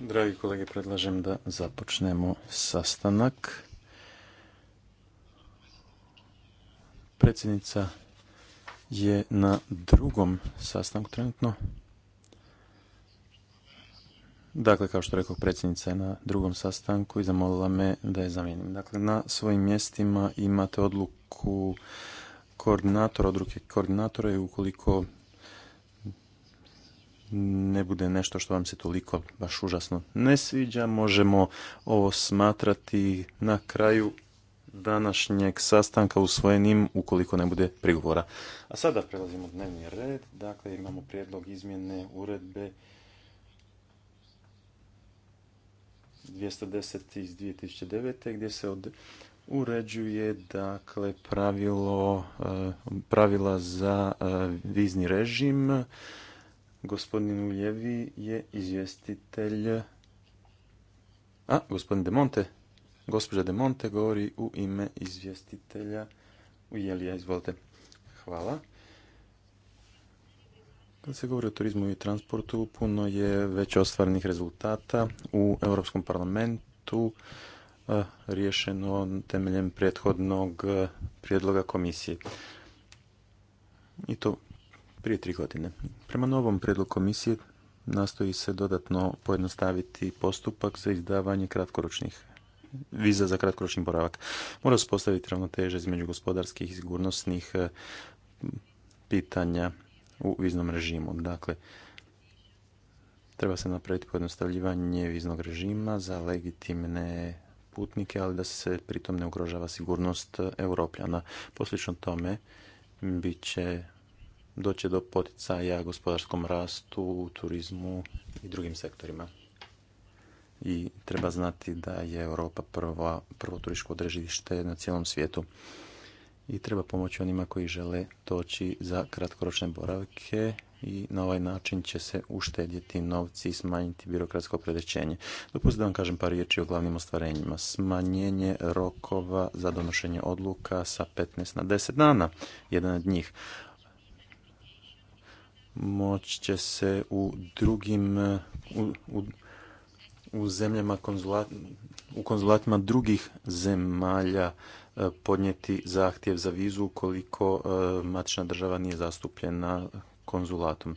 Dragi kolege, predlažem da započnemo sastanak. Predsjednica je na drugom sastanku trenutno. Dakle, kao što rekao, predsjednica je na drugom sastanku i zamolila me da je zamijenim. Dakle, na svojim mjestima imate odluku koordinatora, odluke koordinatora i ukoliko ne bude nešto što vam se toliko baš užasno ne sviđa. Možemo ovo smatrati na kraju današnjeg sastanka usvojenim ukoliko ne bude prigovora. A sada prelazimo dnevni red. Dakle, imamo prijedlog izmjene uredbe 210 iz 2009. gdje se uređuje dakle pravilo e, pravila za e, vizni režim Gospodin Uljevi je izvjestitelj... A, gospodin De Monte. Gospođa De Monte govori u ime izvjestitelja Ujelija. Izvolite. Hvala. Kad se govori o turizmu i transportu, puno je već ostvarenih rezultata u Europskom parlamentu riješeno temeljem prethodnog prijedloga komisije. I to prije tri godine. Prema novom predlogu komisije nastoji se dodatno pojednostaviti postupak za izdavanje kratkoročnih viza za kratkoročni boravak. Mora se postaviti ravnoteže između gospodarskih i sigurnosnih eh, pitanja u viznom režimu. Dakle, treba se napraviti pojednostavljivanje viznog režima za legitimne putnike, ali da se pritom ne ugrožava sigurnost eh, europljana. Poslično tome, bit će doće do poticaja gospodarskom rastu, turizmu i drugim sektorima. I treba znati da je Europa prva, prvo turističko održište na cijelom svijetu. I treba pomoći onima koji žele doći za kratkoročne boravke i na ovaj način će se uštedjeti novci i smanjiti birokratsko predećenje. Dopustite da vam kažem par riječi o glavnim ostvarenjima. Smanjenje rokova za donošenje odluka sa 15 na 10 dana, jedan od njih moći će se u drugim u, u, zemljama konzulat, u konzulatima drugih zemalja e, podnijeti zahtjev za vizu ukoliko e, matična država nije zastupljena konzulatom.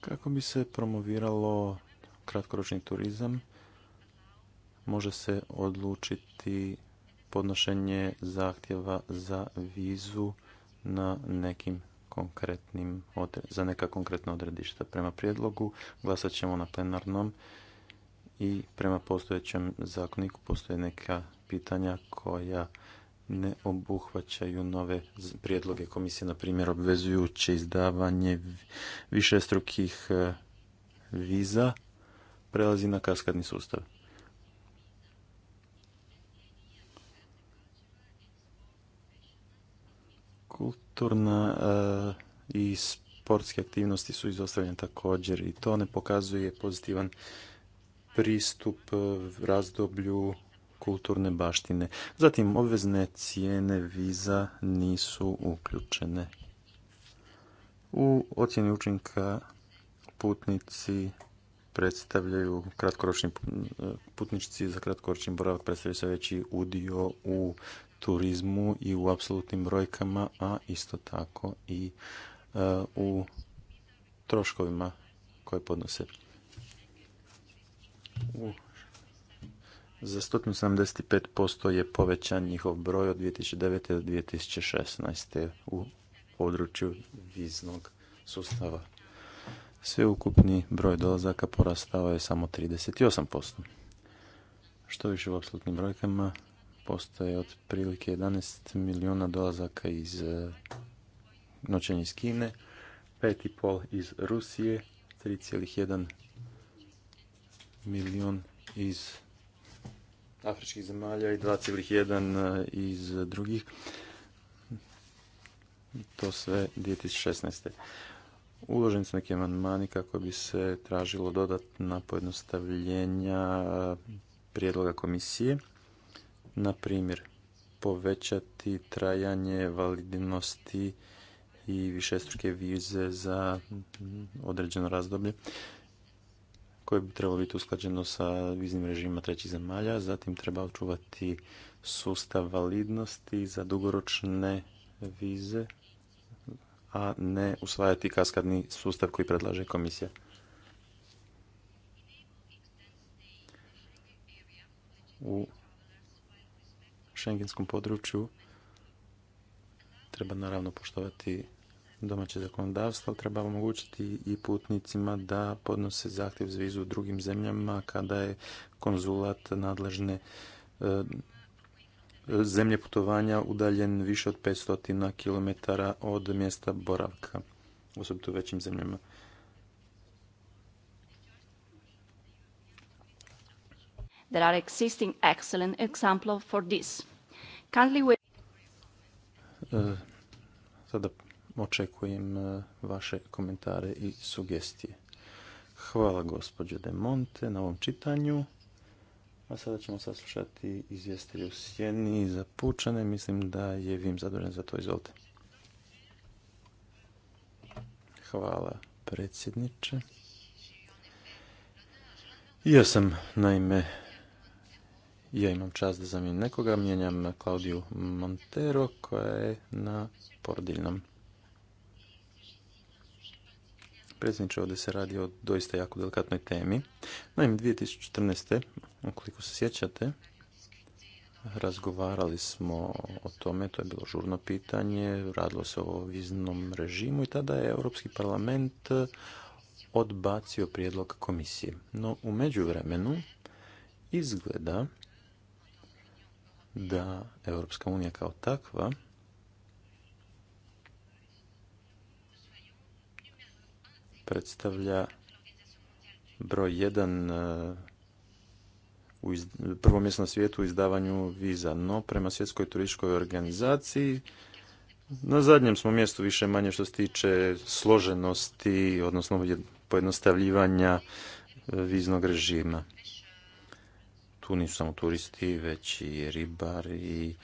Kako bi se promoviralo kratkoročni turizam, može se odlučiti podnošenje zahtjeva za vizu na nekim konkretnim, za neka konkretna odredišta. Prema prijedlogu glasat ćemo na plenarnom i prema postojećem zakoniku postoje neka pitanja koja ne obuhvaćaju nove prijedloge komisije, na primjer obvezujuće izdavanje višestrukih e, viza prelazi na kaskadni sustav. Kulturna eh, i sportske aktivnosti su izostavljene također i to ne pokazuje pozitivan pristup eh, razdoblju kulturne baštine. Zatim obvezne cijene viza nisu uključene. U ocjeni učinka putnici predstavljaju kratkoročni eh, putnici za kratkoročni boravak predstavljaju sve veći udio u turizmu i u apsolutnim brojkama, a isto tako i e, u troškovima koje podnose. U za 175% je povećan njihov broj od 2009. do 2016. u području viznog sustava. Sveukupni broj dolazaka porastao je samo 38%. Što više u apsolutnim brojkama, postoje otprilike 11 milijuna dolazaka iz e, noćenja iz Kine, 5,5 iz Rusije, 3,1 milijun iz afričkih zemalja i 2,1 e, iz drugih. To sve 2016. Uloženi su neki amandmani kako bi se tražilo dodatna pojednostavljenja prijedloga komisije na primjer povećati trajanje validnosti i višestruke vize za određeno razdoblje koje bi trebalo biti usklađeno sa viznim režimima trećih zemalja. Zatim treba očuvati sustav validnosti za dugoročne vize, a ne usvajati kaskadni sustav koji predlaže komisija. U šengenskom području treba naravno poštovati domaće zakonodavstvo, ali treba omogućiti i putnicima da podnose zahtjev za vizu u drugim zemljama kada je konzulat nadležne e, zemlje putovanja udaljen više od 500 km od mjesta boravka, osobito u većim zemljama. There are existing excellent examples for this. we... E, sada očekujem e, vaše komentare i sugestije. Hvala gospođo De Monte na ovom čitanju. A sada ćemo saslušati izvjestelje u sjeni za pučane. Mislim da je Vim zadovoljan za to. Izvolite. Hvala predsjedniče. Ja sam naime ja imam čast da zamijenim nekoga, mijenjam Klaudiju Montero koja je na porodiljnom. Predsjedniče, ovdje se radi o doista jako delikatnoj temi. Naime, 2014. ukoliko se sjećate, razgovarali smo o tome, to je bilo žurno pitanje, radilo se o viznom režimu i tada je Europski parlament odbacio prijedlog komisije. No, u međuvremenu izgleda da Europska unija kao takva predstavlja broj jedan e, u prvo mjesto na svijetu u izdavanju viza, no prema svjetskoj turističkoj organizaciji na zadnjem smo mjestu više manje što se tiče složenosti, odnosno pojednostavljivanja viznog režima tu nisu samo turisti, već i ribari, i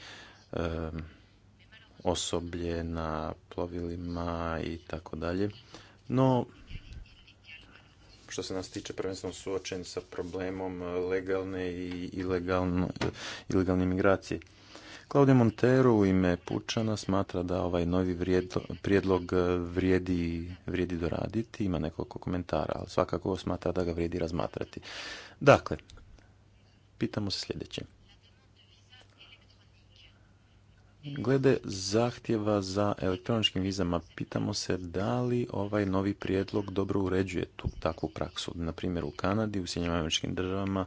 osoblje na plovilima i tako dalje. No, što se nas tiče prvenstveno suočen sa problemom legalne i ilegalne, ilegalne migracije. Claudio Montero u ime Pučana smatra da ovaj novi prijedlog vrijedi, vrijedi doraditi, ima nekoliko komentara, ali svakako smatra da ga vrijedi razmatrati. Dakle, pitamo se sljedeće. Glede zahtjeva za elektroničkim vizama, pitamo se da li ovaj novi prijedlog dobro uređuje tu takvu praksu. Na primjer u Kanadi, u Sjednjama američkim državama,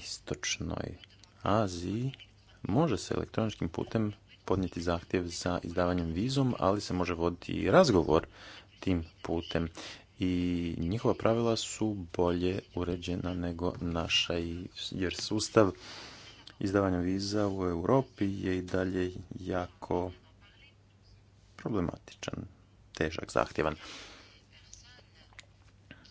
istočnoj Aziji, može se elektroničkim putem podnijeti zahtjev za izdavanjem vizom, ali se može voditi i razgovor tim putem i njihova pravila su bolje uređena nego naša jer sustav izdavanja viza u Europi je i dalje jako problematičan, težak, zahtjevan.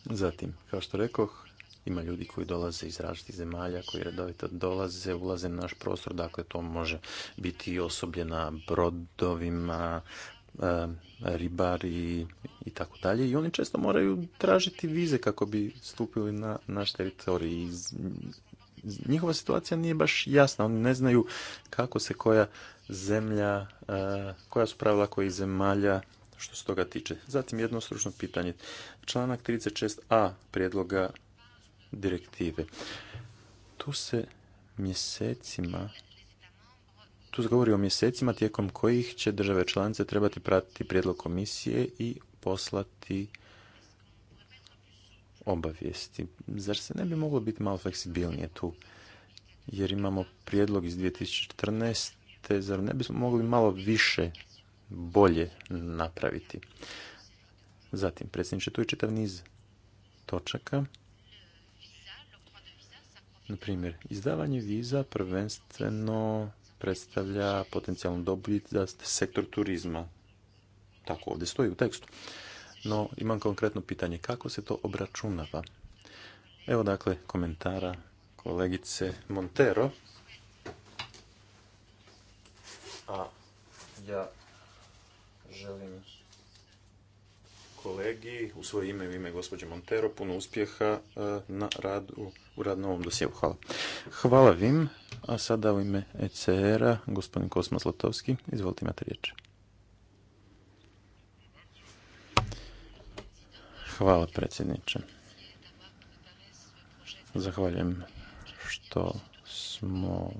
Zatim, kao što rekoh, ima ljudi koji dolaze iz različitih zemalja, koji redovito dolaze, ulaze na naš prostor, dakle to može biti osoblje na brodovima, E, ribari i tako dalje i oni često moraju tražiti vize kako bi stupili na naš teritorij njihova situacija nije baš jasna oni ne znaju kako se koja zemlja e, koja su pravila kojih zemalja što se toga tiče zatim jedno stručno pitanje članak 36a prijedloga direktive tu se mjesecima tu se govori o mjesecima tijekom kojih će države članice trebati pratiti prijedlog komisije i poslati obavijesti. Zar se ne bi moglo biti malo fleksibilnije tu? Jer imamo prijedlog iz 2014. Zar ne bismo mogli malo više, bolje napraviti? Zatim, predsjedniče, tu je čitav niz točaka. Na primjer, izdavanje viza prvenstveno predstavlja potencijalnu dobit za sektor turizma. Tako ovdje stoji u tekstu. No, imam konkretno pitanje. Kako se to obračunava? Evo dakle komentara kolegice Montero. A ja želim kolegi u svoje ime i ime gospođe Montero puno uspjeha e, na radu, u rad na ovom dosjevu. Hvala. Hvala vim. A sada u ime ECR-a gospodin Kosma Zlatovski. Izvolite imate riječ. Hvala predsjedniče. Zahvaljujem što smo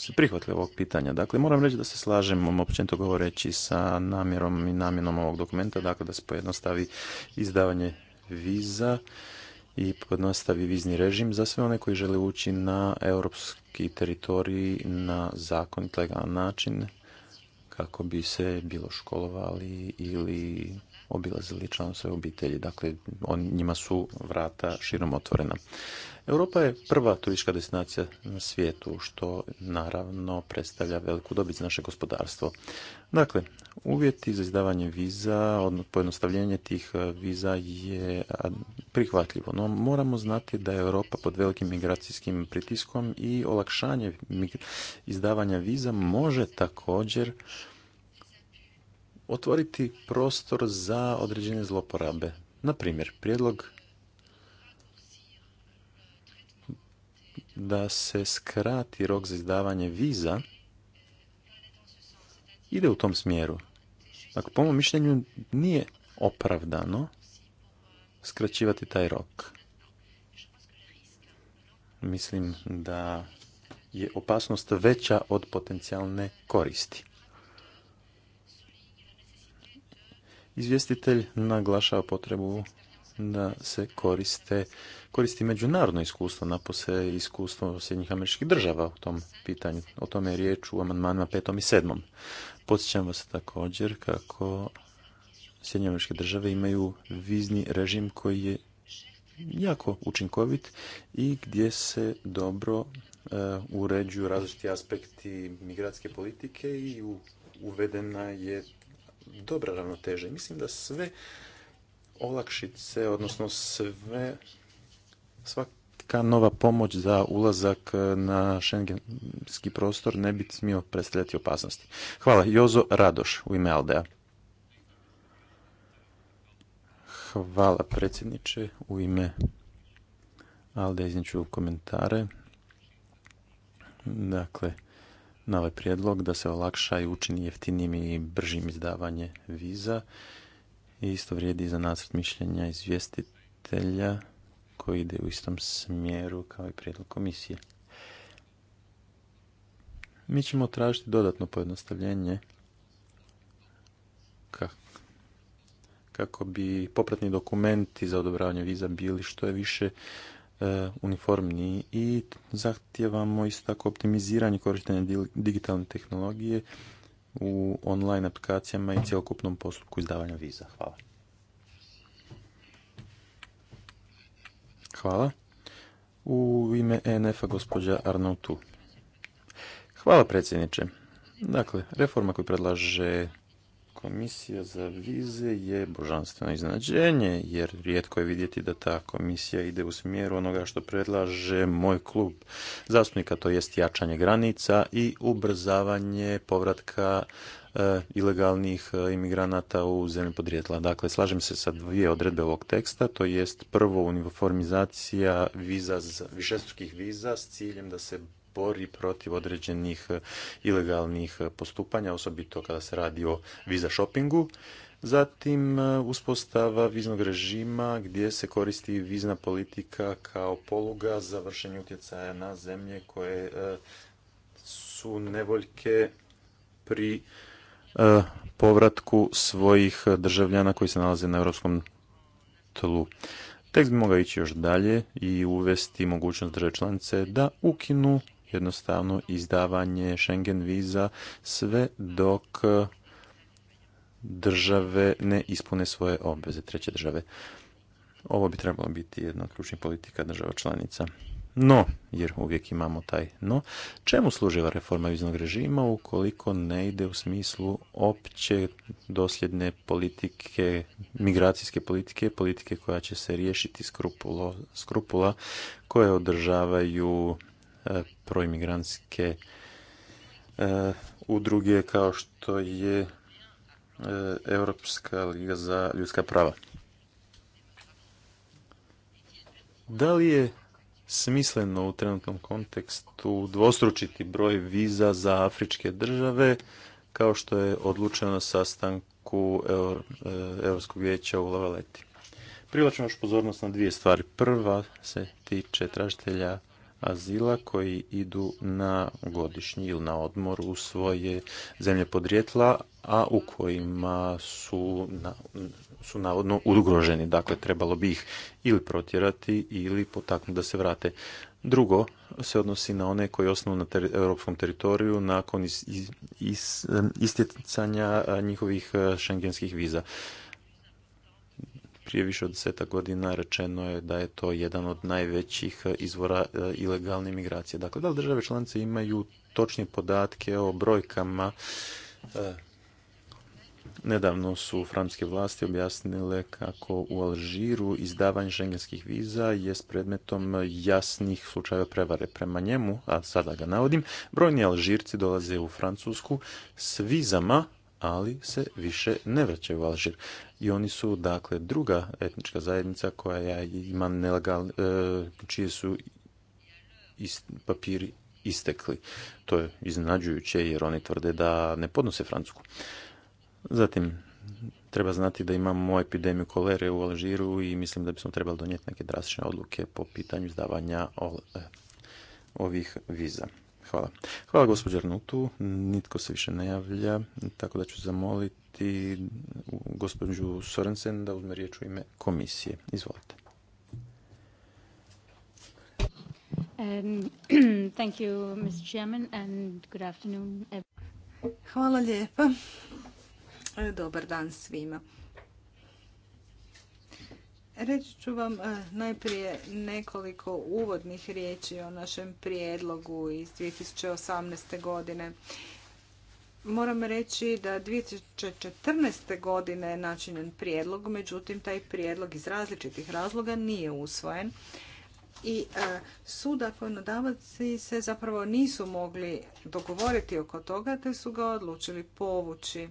se prihvatili ovog pitanja. Dakle, moram reći da se slažem, općenito govoreći, sa namjerom i namjenom ovog dokumenta, dakle da se pojednostavi izdavanje viza i pojednostavi vizni režim za sve one koji žele ući na europski teritoriji na zakon i način kako bi se bilo školovali ili obilazili članove svoje obitelji. Dakle, on, njima su vrata širom otvorena. Europa je prva turistička destinacija na svijetu, što naravno predstavlja veliku dobit za naše gospodarstvo. Dakle, uvjeti za izdavanje viza, odnosno pojednostavljenje tih e, viza je prihvatljivo, no moramo znati da je Europa pod velikim migracijskim pritiskom i olakšanje izdavanja viza može također otvoriti prostor za određene zloporabe. Na primjer, prijedlog da se skrati rok za izdavanje viza ide u tom smjeru. Dakle, po mom mišljenju nije opravdano skraćivati taj rok. Mislim da je opasnost veća od potencijalne koristi. Izvjestitelj naglašava potrebu da se koriste, koristi međunarodno iskustvo, napose iskustvo Sjednjih američkih država u tom pitanju. O tome je riječ u amandmanima petom i sedmom. Podsjećam vas također kako Sjednje američke države imaju vizni režim koji je jako učinkovit i gdje se dobro eh, uređuju različiti aspekti migratske politike i uvedena je dobra ravnoteža. I mislim da sve olakšice, odnosno sve, svaka nova pomoć za ulazak na šengenski prostor ne bi smio predstavljati opasnosti. Hvala. Jozo Radoš u ime Aldea. Hvala predsjedniče u ime Alde izniču komentare. Dakle, na ovaj prijedlog da se olakša i učini jeftinijim i bržim izdavanje viza. I isto vrijedi i za nacrt mišljenja izvjestitelja koji ide u istom smjeru kao i prijedlog komisije. Mi ćemo tražiti dodatno pojednostavljenje kako bi popratni dokumenti za odobravanje viza bili što je više E, uniformniji i zahtijevamo isto tako optimiziranje korištenja digitalne tehnologije u online aplikacijama i cjelokupnom postupku izdavanja viza. Hvala. Hvala. U ime ENF-a gospođa Arnautu. Hvala predsjedniče. Dakle, reforma koju predlaže komisija za vize je božanstveno iznenađenje, jer rijetko je vidjeti da ta komisija ide u smjeru onoga što predlaže moj klub zastupnika, to jest jačanje granica i ubrzavanje povratka e, ilegalnih e, imigranata u zemlju podrijetla. Dakle, slažem se sa dvije odredbe ovog teksta, to jest prvo uniformizacija viza, višestrukih viza s ciljem da se bori protiv određenih e, ilegalnih e, postupanja, osobito kada se radi o viza shoppingu. Zatim e, uspostava viznog režima gdje se koristi vizna politika kao poluga za vršenje utjecaja na zemlje koje su nevoljke pri povratku svojih državljana koji se nalaze na europskom tlu. Tekst bi mogao ići još dalje i uvesti mogućnost države članice da ukinu jednostavno izdavanje Schengen viza sve dok države ne ispune svoje obveze, treće države. Ovo bi trebalo biti jedna od ključnih politika država članica. No, jer uvijek imamo taj no, čemu služiva reforma viznog režima ukoliko ne ide u smislu opće dosljedne politike, migracijske politike, politike koja će se riješiti skrupula koje održavaju E, proimigrantske e, udruge kao što je e, Europska liga za ljudska prava. Da li je smisleno u trenutnom kontekstu dvostručiti broj viza za afričke države kao što je odlučeno na sastanku Europskog vijeća u Lavaleti? Privlačimo još pozornost na dvije stvari. Prva se tiče tražitelja azila koji idu na godišnji ili na odmor u svoje zemlje podrijetla, a u kojima su, su navodno ugroženi. Dakle, trebalo bi ih ili protjerati ili potaknuti da se vrate. Drugo se odnosi na one koji osnovu na europskom teritoriju nakon is, istjecanja njihovih eh, šengenskih viza prije više od deseta godina rečeno je da je to jedan od najvećih e, izvora e, ilegalne migracije. Dakle, da li države članice imaju točne podatke o brojkama? E, nedavno su francuske vlasti objasnile kako u Alžiru izdavanje šengenskih viza je s predmetom jasnih slučajeva prevare prema njemu, a sada ga navodim, brojni Alžirci dolaze u Francusku s vizama, ali se više ne vraćaju u Alžir i oni su dakle druga etnička zajednica koja ima nelegal, e, čije su papiri istekli. To je iznenađujuće jer oni tvrde da ne podnose Francusku. Zatim, treba znati da imamo epidemiju kolere u Alžiru i mislim da bismo trebali donijeti neke drastične odluke po pitanju izdavanja e, ovih viza. Hvala. Hvala gospođa Arnutu. Nitko se više ne javlja, tako da ću zamoliti gospođu Sorensen da uzme riječ u ime komisije. Izvolite. Um, thank Hvala lijepa. E, dobar dan svima. Reći ću vam eh, najprije nekoliko uvodnih riječi o našem prijedlogu iz 2018. godine. Moram reći da 2014. godine je načinjen prijedlog, međutim taj prijedlog iz različitih razloga nije usvojen i eh, suda sudakonodavaci se zapravo nisu mogli dogovoriti oko toga te su ga odlučili povući.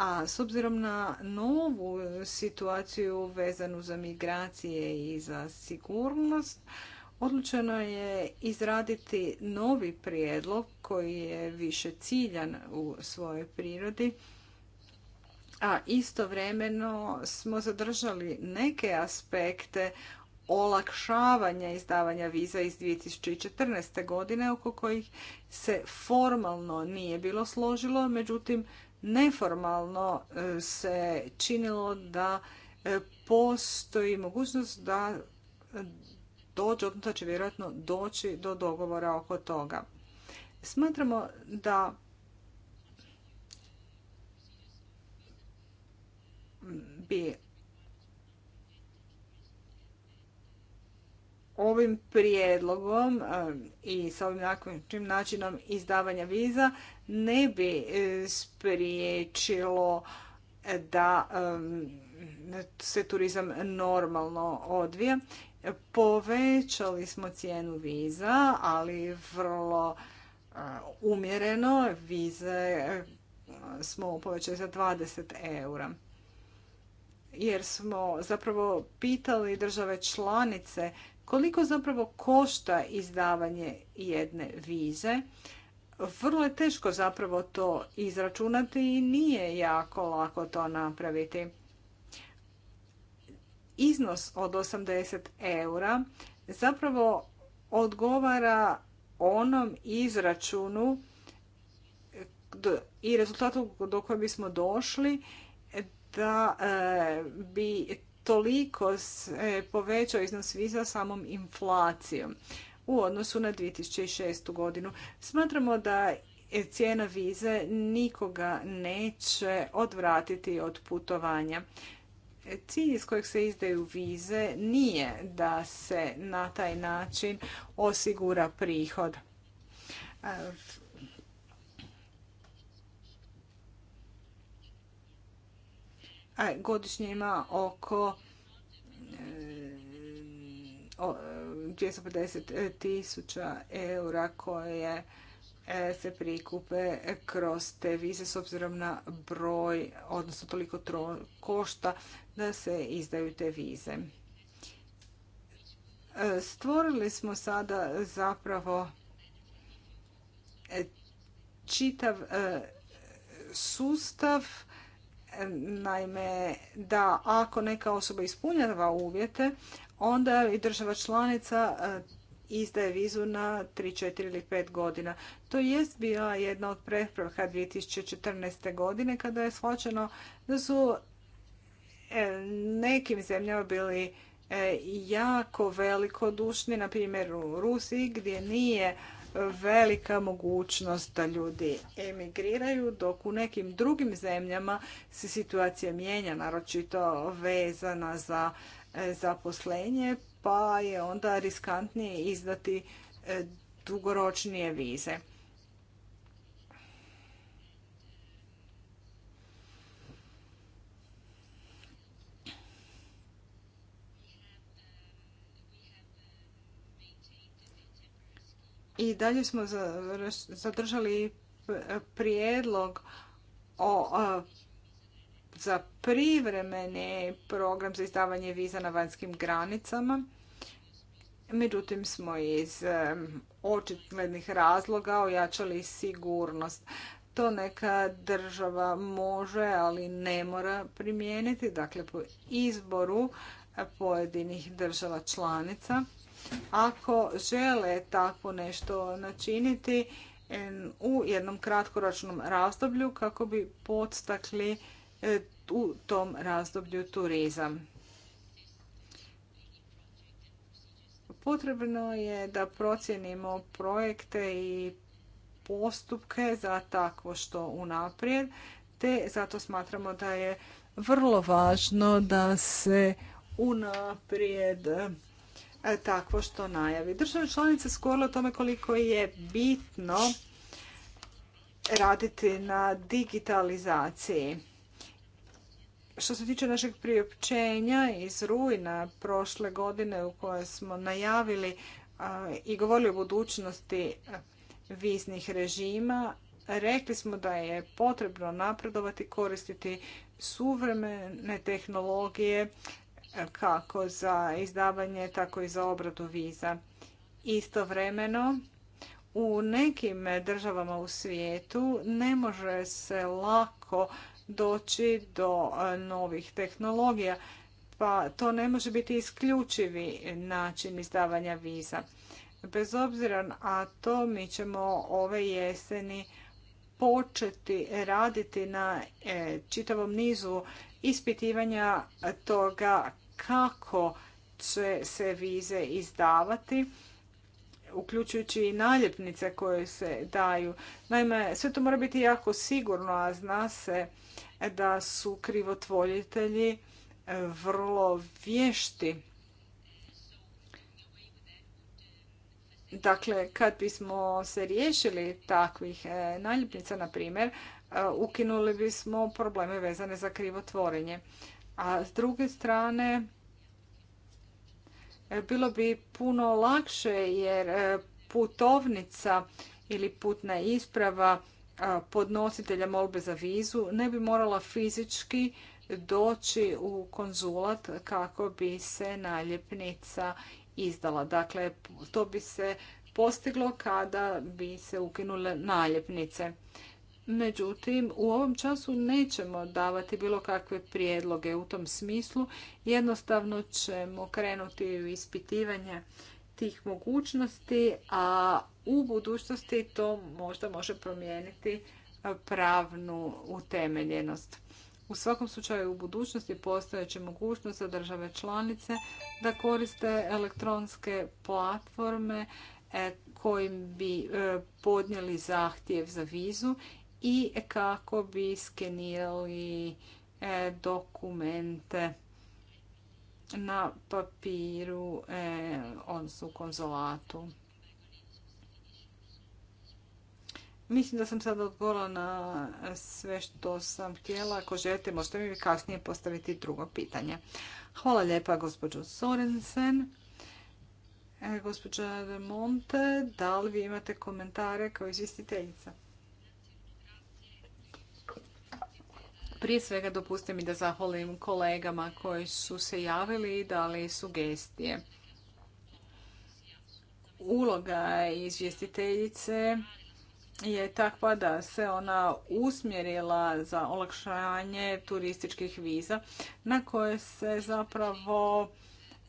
A s obzirom na novu situaciju vezanu za migracije i za sigurnost, odlučeno je izraditi novi prijedlog koji je više ciljan u svojoj prirodi, a istovremeno smo zadržali neke aspekte olakšavanja izdavanja viza iz 2014. godine oko kojih se formalno nije bilo složilo, međutim neformalno e, se činilo da e, postoji mogućnost da dođe, odnosno će vjerojatno doći do dogovora oko toga. Smatramo da bi ovim prijedlogom e, i s ovim nakončnim načinom izdavanja viza ne bi e, spriječilo da e, se turizam normalno odvija. Povećali smo cijenu viza, ali vrlo umjereno. Vize smo povećali za 20 eura. Jer smo zapravo pitali države članice koliko zapravo košta izdavanje jedne vize. Vrlo je teško zapravo to izračunati i nije jako lako to napraviti. Iznos od 80 eura zapravo odgovara onom izračunu i rezultatu do koje bismo došli da e, bi toliko se povećao iznos viza samom inflacijom u odnosu na 2006. godinu. Smatramo da cijena vize nikoga neće odvratiti od putovanja. Cilj iz kojeg se izdaju vize nije da se na taj način osigura prihod. godišnje ima oko 250 e, tisuća eura koje e, se prikupe kroz te vize s obzirom na broj, odnosno toliko košta da se izdaju te vize. E, stvorili smo sada zapravo čitav sustav Naime, da ako neka osoba ispunjava uvjete, onda i država članica e, izdaje vizu na 3, 4 ili 5 godina. To jest bila jedna od prepravka 2014. godine kada je shvaćeno da su e, nekim zemljama bili e, jako velikodušni, na primjer u Rusiji gdje nije velika mogućnost da ljudi emigriraju, dok u nekim drugim zemljama se situacija mijenja, naročito vezana za e, zaposlenje, pa je onda riskantnije izdati e, dugoročnije vize. i dalje smo zadržali e, prijedlog o, e, za privremeni program za izdavanje viza na vanjskim granicama. Međutim, smo iz e, očiglednih razloga ojačali sigurnost. To neka država može, ali ne mora primijeniti, dakle po izboru pojedinih država članica ako žele tako nešto načiniti u jednom kratkoročnom razdoblju kako bi podstakli e, u tom razdoblju turizam. Potrebno je da procijenimo projekte i postupke za takvo što unaprijed, te zato smatramo da je vrlo važno da se unaprijed E, takvo što najavi. Države članice skoro o tome koliko je bitno raditi na digitalizaciji. Što se tiče našeg priopćenja iz rujna prošle godine u kojoj smo najavili i govorili o budućnosti viznih režima, rekli smo da je potrebno napredovati, koristiti suvremene tehnologije kako za izdavanje, tako i za obradu viza. Istovremeno, u nekim državama u svijetu ne može se lako doći do e, novih tehnologija, pa to ne može biti isključivi način izdavanja viza. Bez obzira na to, mi ćemo ove jeseni početi raditi na e, čitavom nizu ispitivanja toga kako će se vize izdavati uključujući i naljepnice koje se daju. Naime, sve to mora biti jako sigurno, a zna se da su krivotvoljitelji e, vrlo vješti. Dakle, kad bismo se riješili takvih e, naljepnica, na primjer, E, ukinuli bismo probleme vezane za krivotvorenje. A s druge strane, e, bilo bi puno lakše jer e, putovnica ili putna isprava podnositelja molbe za vizu ne bi morala fizički doći u konzulat kako bi se naljepnica izdala. Dakle, to bi se postiglo kada bi se ukinule naljepnice. Međutim, u ovom času nećemo davati bilo kakve prijedloge u tom smislu. Jednostavno ćemo krenuti u ispitivanje tih mogućnosti, a u budućnosti to možda može promijeniti pravnu utemeljenost. U svakom slučaju u budućnosti postojeće mogućnost za države članice da koriste elektronske platforme e, kojim bi e, podnijeli zahtjev za vizu i kako bi skenirali e, dokumente na papiru, e, odnosno u konzolatu. Mislim da sam sad odgovorila na sve što sam htjela. Ako želite, možete mi kasnije postaviti drugo pitanje. Hvala lijepa gospođo Sorensen. E, gospođa Monte, da li vi imate komentare kao izvjestiteljica? Prije svega dopustite mi da zahvalim kolegama koji su se javili i dali sugestije. Uloga izvjestiteljice je takva da se ona usmjerila za olakšanje turističkih viza na koje se zapravo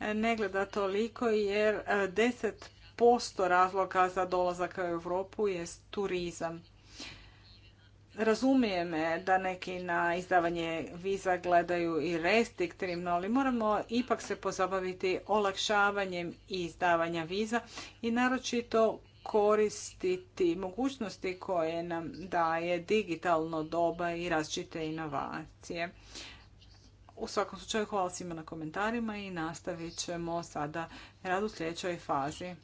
ne gleda toliko jer 10% razloga za dolazak u Europu je turizam. Razumije me da neki na izdavanje viza gledaju i restriktivno, ali moramo ipak se pozabaviti olakšavanjem izdavanja viza i naročito koristiti mogućnosti koje nam daje digitalno doba i različite inovacije. U svakom slučaju hvala svima na komentarima i nastavit ćemo sada rad u sljedećoj fazi.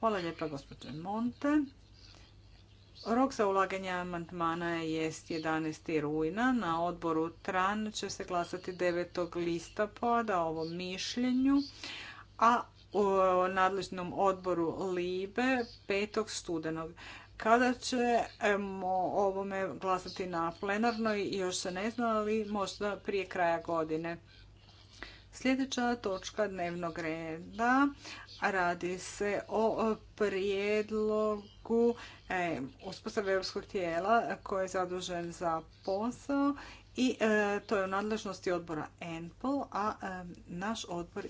Hvala lijepa gospođe Monte. Rok za ulaganje amandmana je 11. rujna. Na odboru TRAN će se glasati 9. listopada o ovom mišljenju, a u nadležnom odboru LIBE 5. studenog. Kada ćemo ovome glasati na plenarnoj, još se ne zna, ali možda prije kraja godine. Sljedeća točka dnevnog reda Radi se o prijedlogu e, uspostave europskog tijela koji je zadužen za posao i e, to je u nadležnosti odbora ENPOL, a e, naš odbor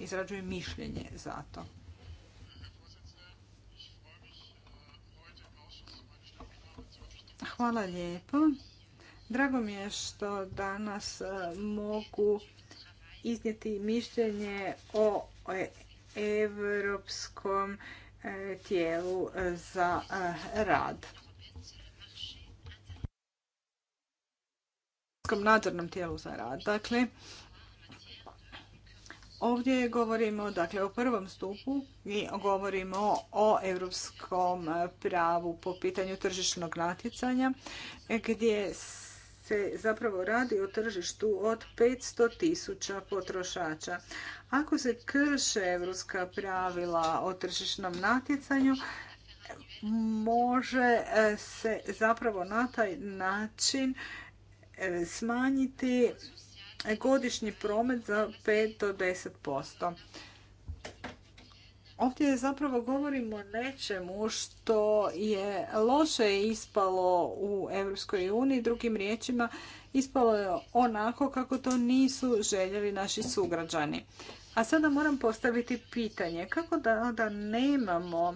izrađuje mišljenje za to. Hvala lijepo. Drago mi je što danas e, mogu iznijeti mišljenje o europskom e, tijelu e, za e, rad. nadzornom tijelu za rad. Dakle, ovdje govorimo dakle, o prvom stupu i govorimo o europskom pravu po pitanju tržišnog natjecanja gdje se zapravo radi o tržištu od 500 tisuća potrošača. Ako se krše evropska pravila o tržišnom natjecanju, može e, se zapravo na taj način e, smanjiti godišnji promet za 5 do 10%. Ovdje zapravo govorimo o nečemu što je loše ispalo u Europskoj uniji, drugim riječima ispalo je onako kako to nisu željeli naši sugrađani. A sada moram postaviti pitanje kako da, da nemamo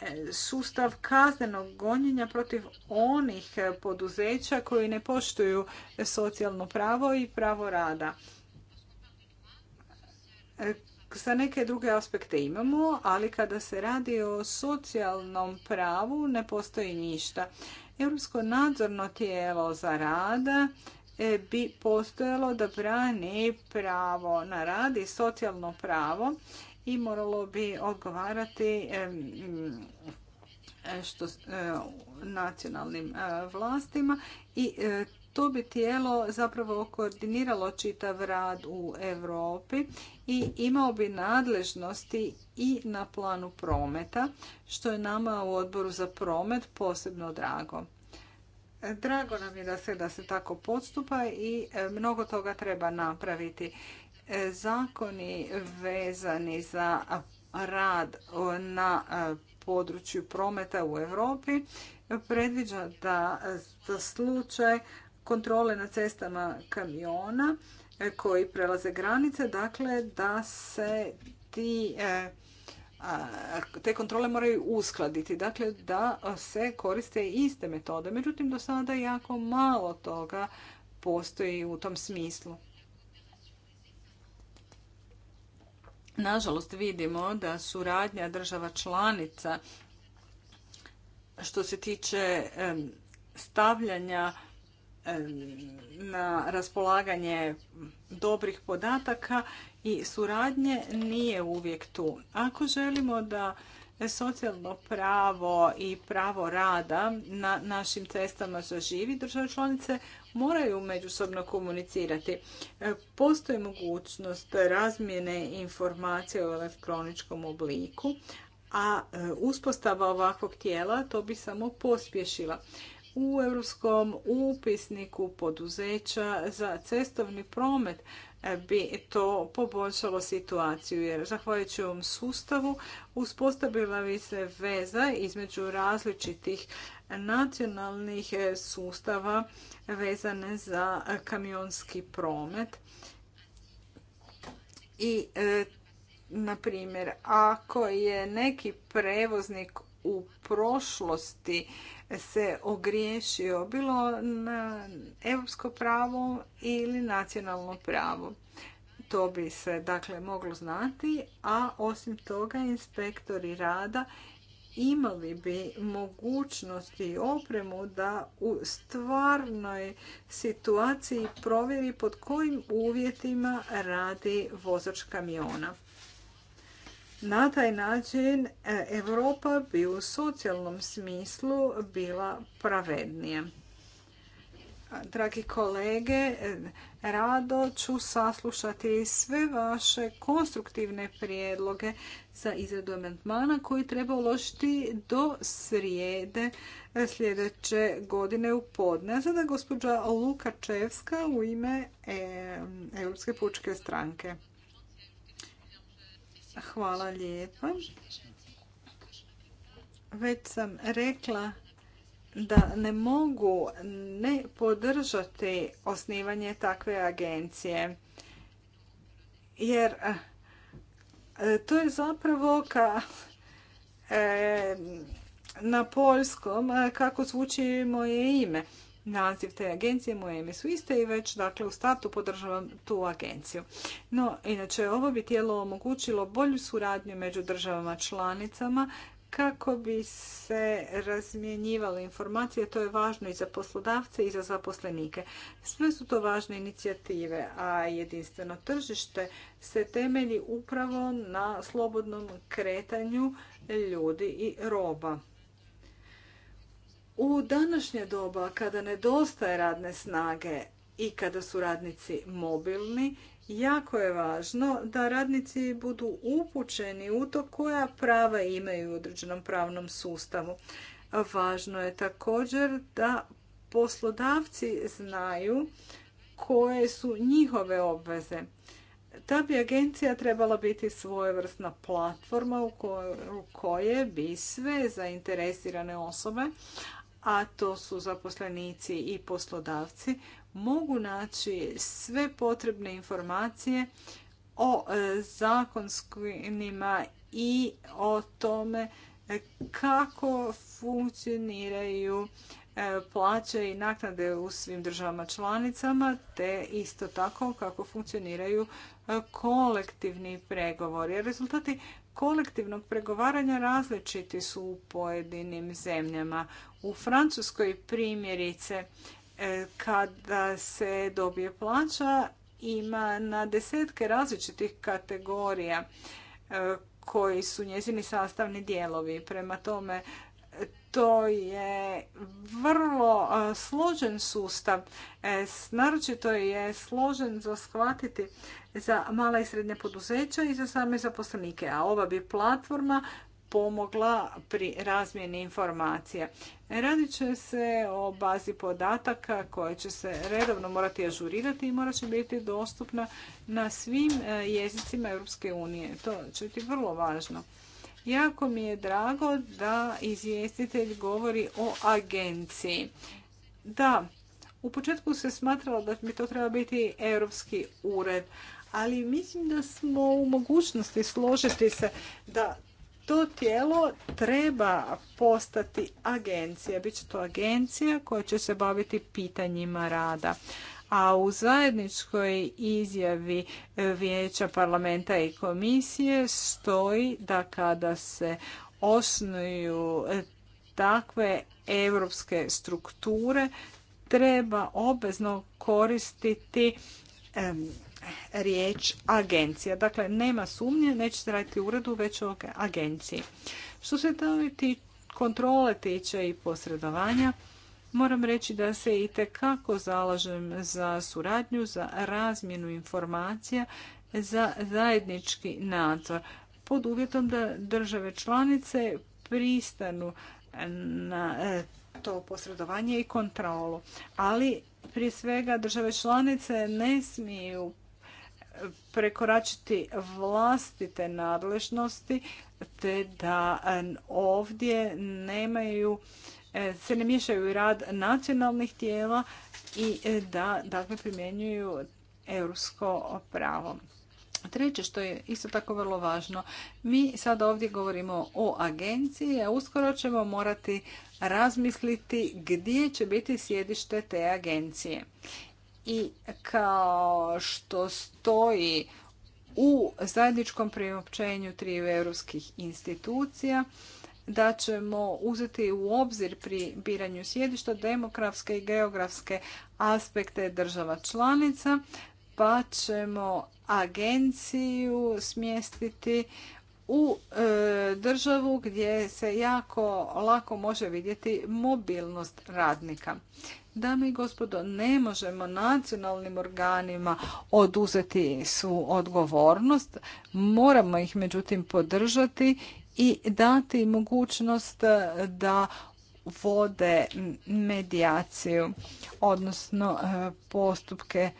e, sustav kaznenog gonjenja protiv onih poduzeća koji ne poštuju socijalno pravo i pravo rada e, za neke druge aspekte imamo, ali kada se radi o socijalnom pravu ne postoji ništa. Europsko nadzorno tijelo za rada e, bi postojalo da brani pravo na rad i socijalno pravo i moralo bi odgovarati e, e, što nacionalnim vlastima i to bi tijelo zapravo koordiniralo čitav rad u Europi i imao bi nadležnosti i na planu prometa, što je nama u odboru za promet posebno drago. Drago nam je da se, da se tako podstupa i e, mnogo toga treba napraviti. E, zakoni vezani za rad na e, području prometa u Europi predviđa da za slučaj kontrole na cestama kamiona e, koji prelaze granice, dakle da se ti e, te kontrole moraju uskladiti, dakle da se koriste iste metode. Međutim, do sada jako malo toga postoji u tom smislu. Nažalost, vidimo da suradnja država članica što se tiče stavljanja na raspolaganje dobrih podataka i suradnje nije uvijek tu. Ako želimo da socijalno pravo i pravo rada na našim cestama zaživi, države članice moraju međusobno komunicirati. Postoji mogućnost razmjene informacija u elektroničkom obliku, a e, uspostava ovakvog tijela to bi samo pospješila u europskom upisniku poduzeća za cestovni promet e, bi to poboljšalo situaciju jer zahvaljujući ovom sustavu uspostavila bi se veza između različitih nacionalnih sustava vezane za kamionski promet. I e, na primjer, ako je neki prevoznik u prošlosti se ogriješio bilo na europsko pravo ili nacionalno pravo. To bi se dakle moglo znati, a osim toga inspektori rada imali bi mogućnosti i opremu da u stvarnoj situaciji provjeri pod kojim uvjetima radi vozač kamiona. Na taj način e, Europa bi u socijalnom smislu bila pravednija. Dragi kolege, e, rado ću saslušati sve vaše konstruktivne prijedloge za izradu amandmana koji treba uložiti do srijede e, sljedeće godine u podne. A sada gospođa Lukačevska u ime Europske pučke stranke. Hvala lijepa. Već sam rekla da ne mogu ne podržati osnivanje takve agencije. Jer eh, to je zapravo ka, eh, na poljskom eh, kako zvuči moje ime naziv te agencije, moje ime su iste i već dakle, u startu podržavam tu agenciju. No, inače, ovo bi tijelo omogućilo bolju suradnju među državama članicama kako bi se razmjenjivale informacije, to je važno i za poslodavce i za zaposlenike. Sve su to važne inicijative, a jedinstveno tržište se temelji upravo na slobodnom kretanju ljudi i roba. U današnje doba kada nedostaje radne snage i kada su radnici mobilni, jako je važno da radnici budu upućeni u to koja prava imaju u određenom pravnom sustavu. Važno je također da poslodavci znaju koje su njihove obveze. Ta bi agencija trebala biti svojevrsna platforma u kojoj bi sve zainteresirane osobe, a to su zaposlenici i poslodavci, mogu naći sve potrebne informacije o e, zakonskima i o tome kako funkcioniraju e, plaće i naknade u svim državama članicama, te isto tako kako funkcioniraju e, kolektivni pregovori. Rezultati kolektivnog pregovaranja različiti su u pojedinim zemljama. U Francuskoj primjerice e, kada se dobije plaća ima na desetke različitih kategorija e, koji su njezini sastavni dijelovi. Prema tome, to je vrlo složen sustav. E, naročito je složen za shvatiti za mala i srednja poduzeća i za same zaposlenike. A ova bi platforma pomogla pri razmjeni informacija. Radit će se o bazi podataka koje će se redovno morati ažurirati i morat će biti dostupna na svim e, jezicima EU. To će biti vrlo važno. Jako mi je drago da izvjestitelj govori o agenciji. Da, u početku se smatralo da mi to treba biti europski ured, ali mislim da smo u mogućnosti složiti se da to tijelo treba postati agencija. Biće to agencija koja će se baviti pitanjima rada a u zajedničkoj izjavi e, Vijeća parlamenta i komisije stoji da kada se osnuju e, takve europske strukture treba obvezno koristiti riječ agencija. Dakle, nema sumnje, neće se raditi uredu, već o agenciji. Što se tiče kontrole tiče i posredovanja, Moram reći da se i tekako zalažem za suradnju, za razmjenu informacija, za zajednički nadzor pod uvjetom da države članice pristanu na e, to posredovanje i kontrolu. Ali prije svega države članice ne smiju prekoračiti vlastite nadležnosti te da e, ovdje nemaju E, se ne miješaju rad nacionalnih tijela i e, da dakle, primjenjuju europsko pravo. Treće što je isto tako vrlo važno, mi sada ovdje govorimo o agenciji, a uskoro ćemo morati razmisliti gdje će biti sjedište te agencije. I kao što stoji u zajedničkom priopćenju triju europskih institucija, da ćemo uzeti u obzir pri biranju sjedišta demografske i geografske aspekte država članica, pa ćemo agenciju smjestiti u e, državu gdje se jako lako može vidjeti mobilnost radnika. Dame i gospodo, ne možemo nacionalnim organima oduzeti su odgovornost, moramo ih međutim podržati i dati mogućnost e, da vode medijaciju, odnosno e, postupke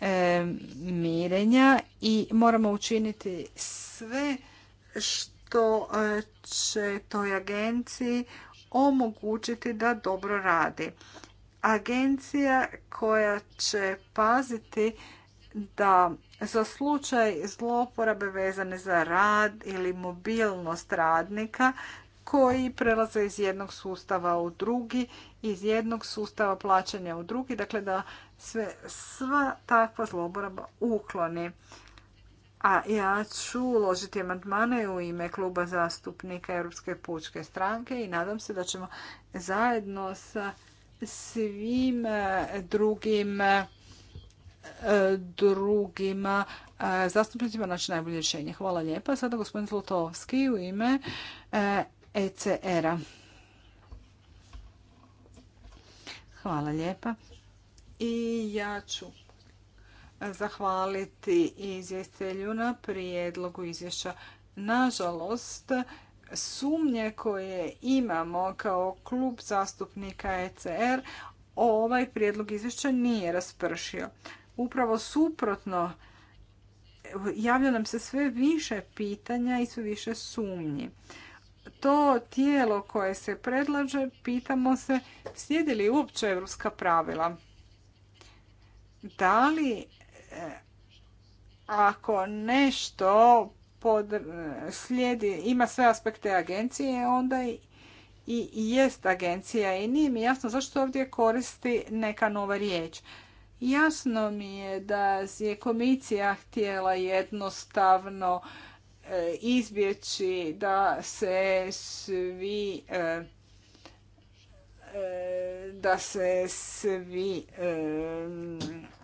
e, mirenja i moramo učiniti sve što će toj agenciji omogućiti da dobro radi. Agencija koja će paziti da za slučaj zloporabe vezane za rad ili mobilnost radnika koji prelaze iz jednog sustava u drugi, iz jednog sustava plaćanja u drugi, dakle da sve, sva takva zloboraba ukloni. A ja ću uložiti amandmane u ime kluba zastupnika Europske pučke stranke i nadam se da ćemo zajedno sa svim eh, drugim eh, E, drugima e, zastupnicima naći najbolje rješenje. Hvala lijepa. Sada gospodin Zlotovski u ime ECR-a. E Hvala lijepa. I ja ću zahvaliti izvjestelju na prijedlogu izvješća. Nažalost, sumnje koje imamo kao klub zastupnika ECR ovaj prijedlog izvješća nije raspršio. Upravo suprotno, javlja nam se sve više pitanja i sve više sumnji. To tijelo koje se predlaže, pitamo se slijedi li uopće evropska pravila. Da li e, ako nešto e, slijedi, ima sve aspekte agencije, onda i, i jest agencija i nije mi jasno zašto ovdje koristi neka nova riječ. Jasno mi je da je komisija htjela jednostavno e, izbjeći da se svi e, e, da se svi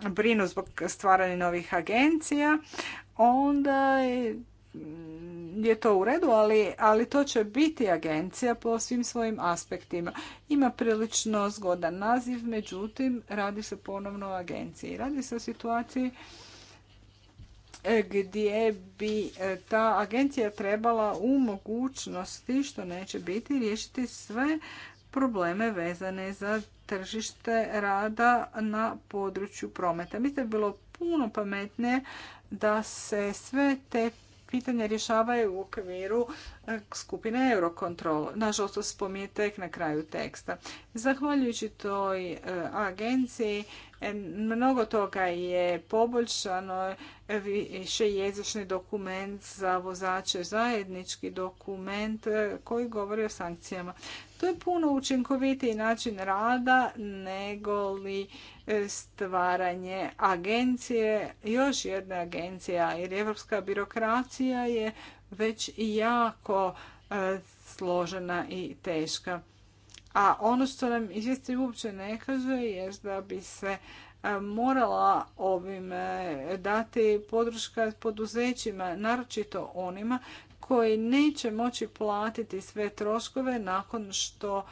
brinu zbog stvaranja novih agencija, onda je to u redu, ali, ali to će biti agencija po svim svojim aspektima. Ima prilično zgodan naziv, međutim radi se ponovno o agenciji. Radi se o situaciji e, gdje bi e, ta agencija trebala u mogućnosti, što neće biti, riješiti sve probleme vezane za tržište rada na području prometa. Mislim da bi bilo puno pametnije da se sve te pitanja rješavaju u okviru e, skupine Eurocontrol. Nažalost, to spominje tek na kraju teksta. Zahvaljujući toj e, agenciji, e, mnogo toga je poboljšano, više jezični dokument za vozače, zajednički dokument koji govori o sankcijama. To je puno učinkovitiji način rada nego li stvaranje agencije, još jedna agencija, jer evropska birokracija je već jako e, složena i teška. A ono što nam izvjesti uopće ne kaže je da bi se e, morala ovim e, dati podrška poduzećima, naročito onima koji neće moći platiti sve troškove nakon što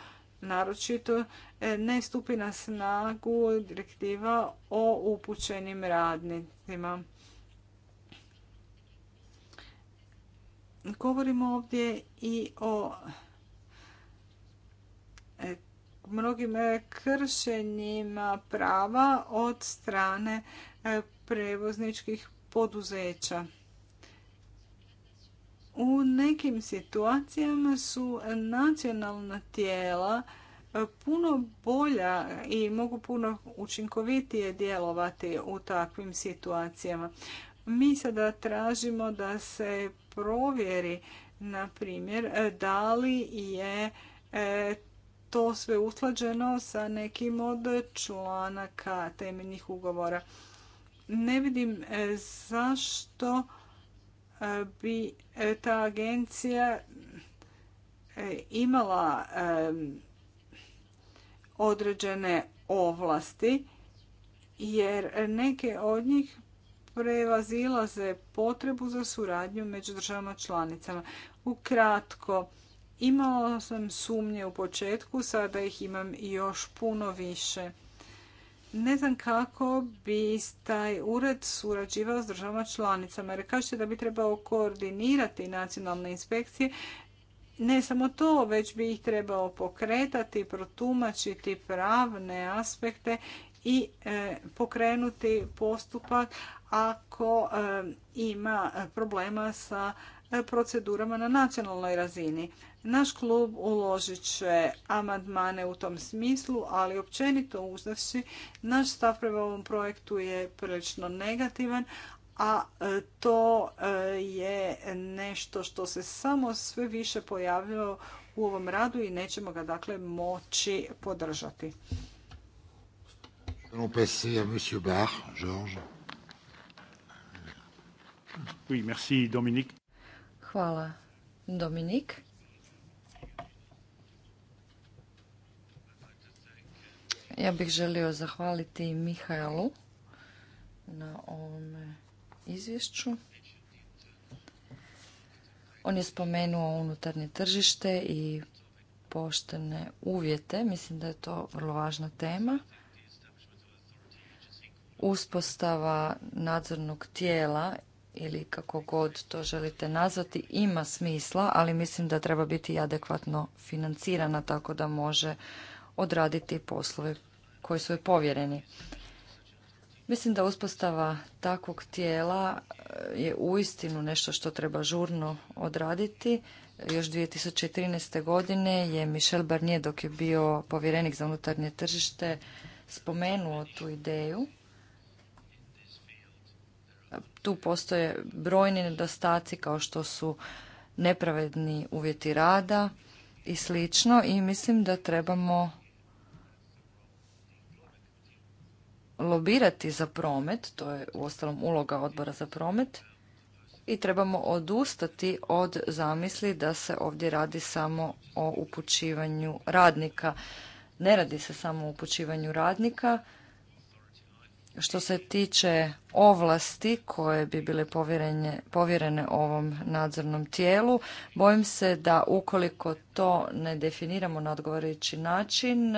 naročito e, ne stupi na snagu direktiva o upućenim radnicima. Govorimo ovdje i o e, mnogim kršenjima prava od strane e, prevozničkih poduzeća. U nekim situacijama su nacionalna tijela e, puno bolja i mogu puno učinkovitije djelovati u takvim situacijama. Mi sada tražimo da se provjeri, na primjer, e, da li je e, to sve usklađeno sa nekim od članaka temeljnih ugovora. Ne vidim zašto E, bi ta agencija e, imala e, određene ovlasti jer neke od njih prevazilaze potrebu za suradnju među državama članicama. Ukratko, imala sam sumnje u početku, sada ih imam još puno više. Ne znam kako bi taj ured surađivao s državama članicama, jer kažete da bi trebao koordinirati nacionalne inspekcije. Ne samo to, već bi ih trebao pokretati, protumačiti pravne aspekte i e, pokrenuti postupak ako e, ima problema sa procedurama na nacionalnoj razini. Naš klub uložit će amandmane u tom smislu, ali općenito uzdavši, naš stav prema ovom projektu je prilično negativan, a e, to e, je nešto što se samo sve više pojavljalo u ovom radu i nećemo ga dakle moći podržati. Oui, merci Dominique. Hvala, Dominik. Ja bih želio zahvaliti Mihajlu na ovom izvješću. On je spomenuo unutarnje tržište i poštene uvjete. Mislim da je to vrlo važna tema. Uspostava nadzornog tijela ili kako god to želite nazvati ima smisla, ali mislim da treba biti adekvatno financirana tako da može odraditi poslove koji su joj povjereni. Mislim da uspostava takvog tijela eh, je uistinu nešto što treba žurno odraditi. Još 2013. godine je Michel Barnier dok je bio povjerenik za unutarnje tržište spomenuo tu ideju tu postoje brojni nedostaci kao što su nepravedni uvjeti rada i slično i mislim da trebamo lobirati za promet, to je uostalom uloga odbora za promet i trebamo odustati od zamisli da se ovdje radi samo o upućivanju radnika. Ne radi se samo o upućivanju radnika, što se tiče ovlasti koje bi bile povjerene ovom nadzornom tijelu, bojim se da ukoliko to ne definiramo na odgovarajući način,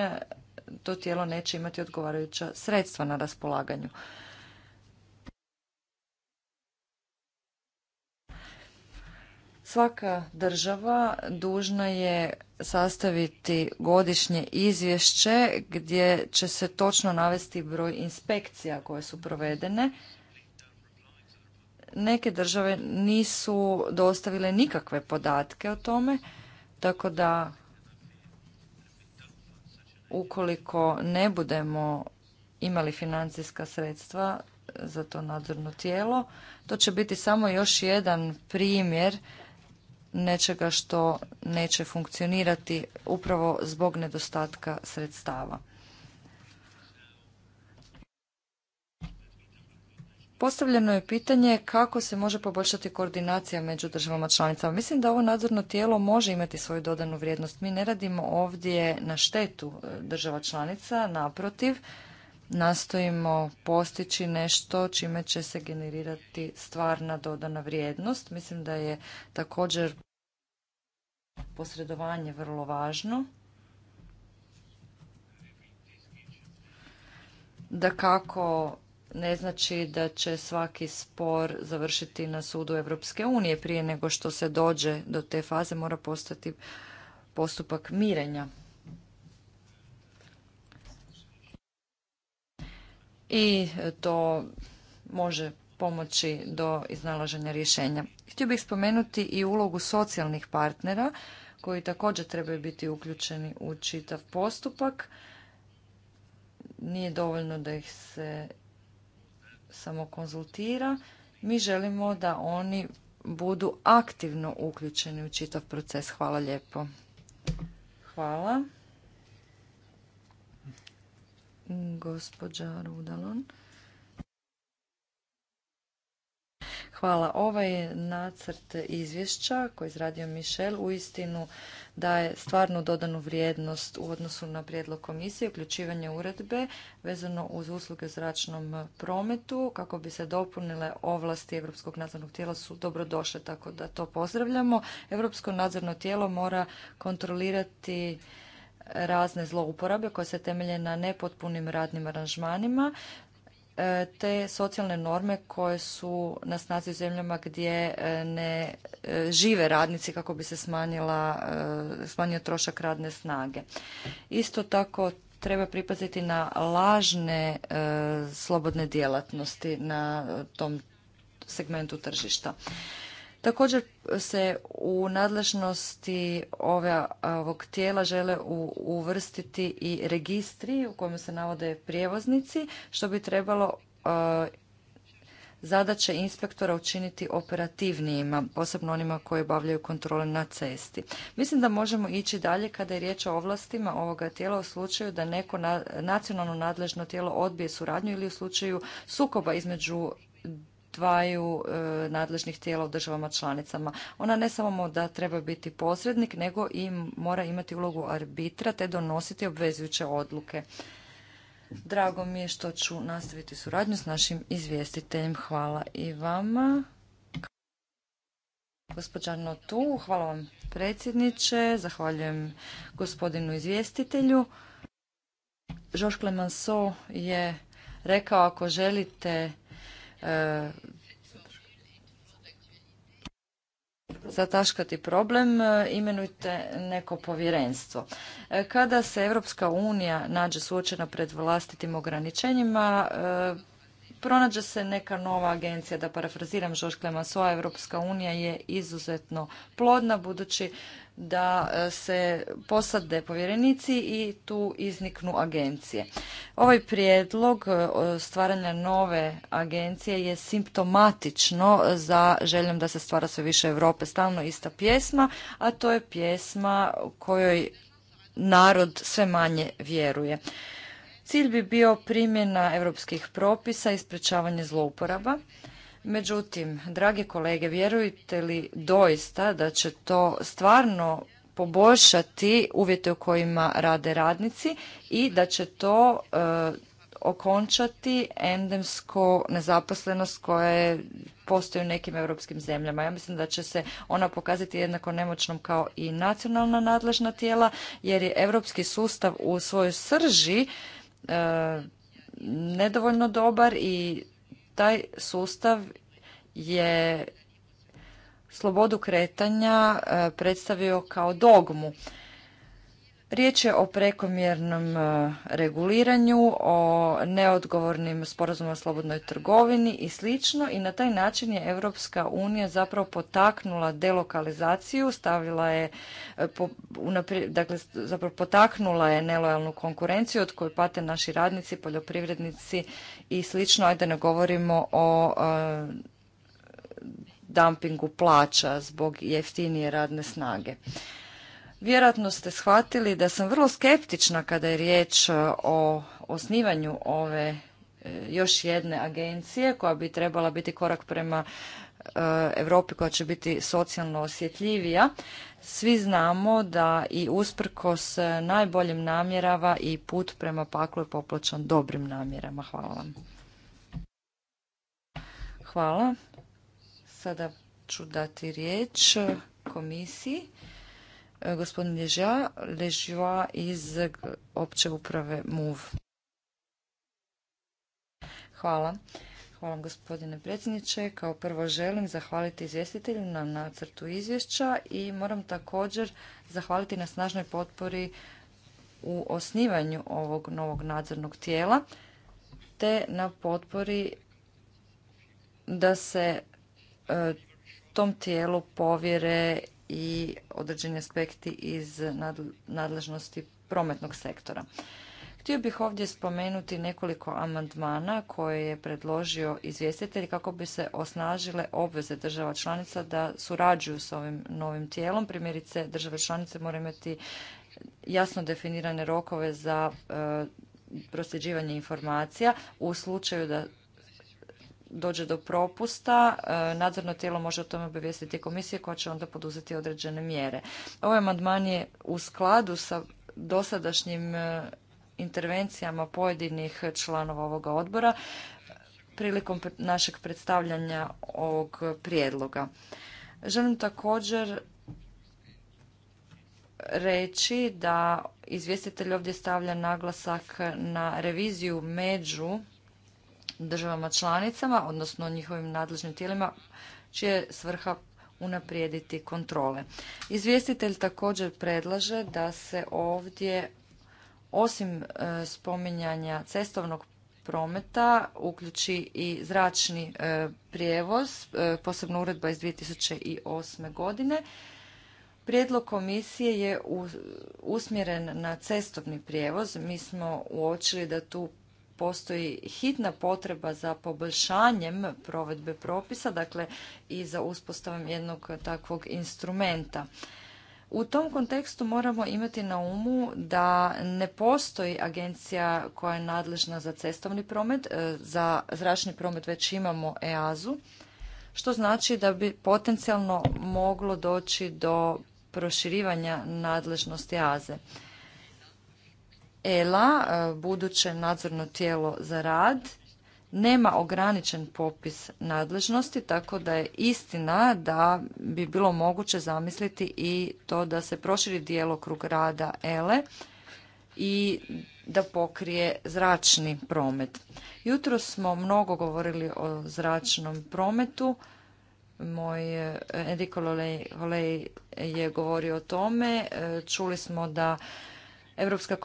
to tijelo neće imati odgovarajuća sredstva na raspolaganju. Svaka država dužna je sastaviti godišnje izvješće gdje će se točno navesti broj inspekcija koje su provedene. Neke države nisu dostavile nikakve podatke o tome, tako da ukoliko ne budemo imali financijska sredstva za to nadzorno tijelo, to će biti samo još jedan primjer nečega što neće funkcionirati upravo zbog nedostatka sredstava. Postavljeno je pitanje kako se može poboljšati koordinacija među državama članicama. Mislim da ovo nadzorno tijelo može imati svoju dodanu vrijednost. Mi ne radimo ovdje na štetu e, država članica, naprotiv, nastojimo postići nešto čime će se generirati stvarna dodana vrijednost. Mislim da je također posredovanje vrlo važno. Da kako ne znači da će svaki spor završiti na sudu Europske unije prije nego što se dođe do te faze mora postati postupak mirenja. i to može pomoći do iznalaženja rješenja. Htio bih spomenuti i ulogu socijalnih partnera koji također trebaju biti uključeni u čitav postupak. Nije dovoljno da ih se samo konzultira. Mi želimo da oni budu aktivno uključeni u čitav proces. Hvala lijepo. Hvala gospođa Rudalon. Hvala. Ovaj nacrt izvješća koji je izradio Mišel u istinu daje stvarnu dodanu vrijednost u odnosu na prijedlog komisije, uključivanje uredbe vezano uz usluge zračnom prometu kako bi se dopunile ovlasti Europskog nadzornog tijela su dobrodošle, tako da to pozdravljamo. Europsko nadzorno tijelo mora kontrolirati razne zlouporabe koje se temelje na nepotpunim radnim aranžmanima e, te socijalne norme koje su na snazi u zemljama gdje e, ne e, žive radnici kako bi se smanjila, smanjio trošak radne snage. Isto tako treba pripaziti na lažne slobodne djelatnosti na tom segmentu tržišta. Također se u nadležnosti ove, ovog tijela žele uvrstiti i registri u kojima se navode prijevoznici, što bi trebalo e, zadaće inspektora učiniti operativnijima, posebno onima koji obavljaju kontrole na cesti. Mislim da možemo ići dalje kada je riječ o ovlastima ovoga tijela u slučaju da neko nacionalno nadležno tijelo odbije suradnju ili u slučaju sukoba između dvaju e, nadležnih tijela u državama članicama. Ona ne samo da treba biti posrednik, nego i mora imati ulogu arbitra te donositi obvezujuće odluke. Drago mi je što ću nastaviti suradnju s našim izvjestiteljem. Hvala i vama. Gospođa Notu, hvala vam predsjedniče, zahvaljujem gospodinu izvjestitelju. Georges Clemenceau je rekao ako želite zataškati problem, e, imenujte neko povjerenstvo. E, kada se Europska unija nađe suočena pred vlastitim ograničenjima, e, pronađe se neka nova agencija, da parafraziram Žoš Klemasova, Europska unija je izuzetno plodna budući da e, se posade povjerenici i tu izniknu agencije. Ovaj prijedlog e, stvaranja nove agencije je simptomatično za željom da se stvara sve više Europe. Stalno ista pjesma, a to je pjesma kojoj narod sve manje vjeruje. Cilj bi bio primjena europskih propisa i sprečavanje zlouporaba. Međutim, dragi kolege, vjerujete li doista da će to stvarno poboljšati uvjete u kojima rade radnici i da će to e, okončati endemsko nezaposlenost koja je postoji u nekim europskim zemljama. Ja mislim da će se ona pokazati jednako nemoćnom kao i nacionalna nadležna tijela jer je europski sustav u svojoj srži e, nedovoljno dobar i taj sustav je slobodu kretanja e, predstavio kao dogmu. Riječ je o prekomjernom e, reguliranju, o neodgovornim sporazumima o slobodnoj trgovini i slično i na taj način je Europska unija zapravo potaknula delokalizaciju, stavila je e, dakle zapravo potaknula je nelojalnu konkurenciju od koje pate naši radnici, poljoprivrednici i slično, ajde ne govorimo o e, dumpingu plaća zbog jeftinije radne snage. Vjerojatno ste shvatili da sam vrlo skeptična kada je riječ e, o osnivanju ove e, još jedne agencije koja bi trebala biti korak prema Eh, Europi koja će biti socijalno osjetljivija. Svi znamo da i usprkos najboljim namjerava i put prema paklu je popločan dobrim namjerama. Hvala vam. Hvala. Sada ću dati riječ komisiji. Eh, gospodin Ležja, iz opće uprave MUV. Hvala. Hvala gospodine predsjedniče. Kao prvo želim zahvaliti izvjestitelju na nacrtu izvješća i moram također zahvaliti na snažnoj potpori u osnivanju ovog novog nadzornog tijela te na potpori da se e, tom tijelu povjere i određeni aspekti iz nadležnosti prometnog sektora. Htio bih ovdje spomenuti nekoliko amandmana koje je predložio izvjestitelj kako bi se osnažile obveze država članica da surađuju s ovim novim tijelom. Primjerice, države članice moraju imati jasno definirane rokove za e, prosljeđivanje informacija u slučaju da dođe do propusta, e, nadzorno tijelo može o tome obavijestiti komisije koja će onda poduzeti određene mjere. Ovaj amandman je u skladu sa dosadašnjim e, intervencijama pojedinih članova ovoga odbora prilikom našeg predstavljanja ovog prijedloga. Želim također reći da izvjestitelj ovdje stavlja naglasak na reviziju među državama članicama, odnosno njihovim nadležnim tijelima, čija je svrha unaprijediti kontrole. Izvjestitelj također predlaže da se ovdje osim e, spominjanja cestovnog prometa uključi i zračni e, prijevoz, e, posebno uredba iz 2008. godine. Prijedlog komisije je usmjeren na cestovni prijevoz. Mi smo uočili da tu postoji hitna potreba za poboljšanjem provedbe propisa, dakle i za uspostavom jednog takvog instrumenta. U tom kontekstu moramo imati na umu da ne postoji agencija koja je nadležna za cestovni promet, e, za zračni promet već imamo EAZu, što znači da bi potencijalno moglo doći do proširivanja nadležnosti EAZe. ELA, e, buduće nadzorno tijelo za rad, nema ograničen popis nadležnosti, tako da je istina da bi bilo moguće zamisliti i to da se proširi krug rada ELE i da pokrije zračni promet. Jutro smo mnogo govorili o zračnom prometu. Moj eh, Enrico je govorio o tome. Eh, čuli smo da Europska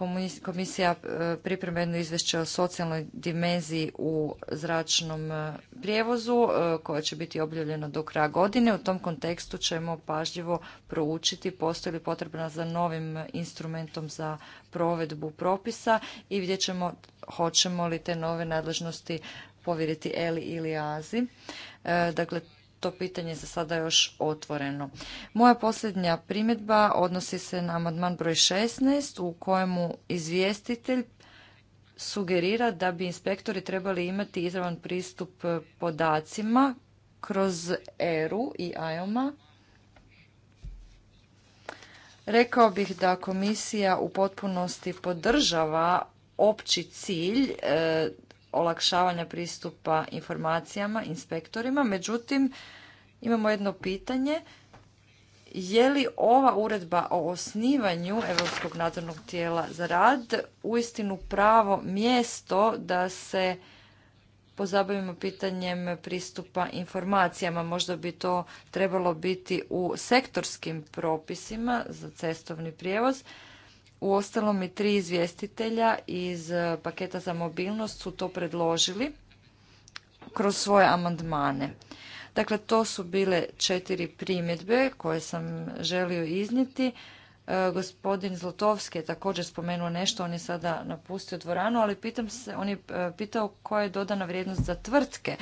komisija e, priprema jedno izvješće o socijalnoj dimenziji u zračnom e, prijevozu e, koje će biti objavljeno do kraja godine. U tom kontekstu ćemo pažljivo proučiti postoji li potrebna za novim instrumentom za provedbu propisa i vidjet ćemo hoćemo li te nove nadležnosti povjeriti Eli ili Azi. Dakle, to pitanje za sada još otvoreno. Moja posljednja primjedba odnosi se na amandman broj 16 u kojemu izvjestitelj sugerira da bi inspektori trebali imati izravan pristup podacima kroz ERU i IOMA. Rekao bih da komisija u potpunosti podržava opći cilj e, olakšavanja pristupa informacijama inspektorima. Međutim, imamo jedno pitanje. Je li ova uredba o osnivanju Europskog nadzornog tijela za rad uistinu pravo mjesto da se pozabavimo pitanjem pristupa informacijama. Možda bi to trebalo biti u sektorskim propisima za cestovni prijevoz. Uostalom i tri izvjestitelja iz e, paketa za mobilnost su to predložili kroz svoje amandmane. Dakle, to su bile četiri primjedbe koje sam želio iznijeti. E, gospodin Zlotovski je također spomenuo nešto, on je sada napustio dvoranu, ali pitam se, on je e, pitao koja je dodana vrijednost za tvrtke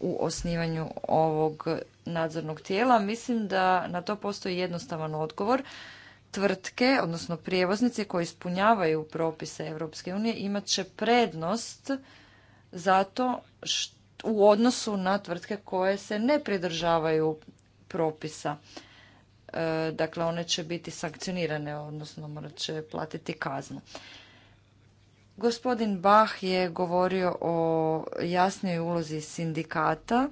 u osnivanju ovog nadzornog tijela. Mislim da na to postoji jednostavan odgovor tvrtke, odnosno prijevoznici koji ispunjavaju propise Europske unije imat će prednost zato u odnosu na tvrtke koje se ne pridržavaju propisa. E, dakle, one će biti sankcionirane, odnosno morat će platiti kaznu. Gospodin Bach je govorio o jasnoj ulozi sindikata.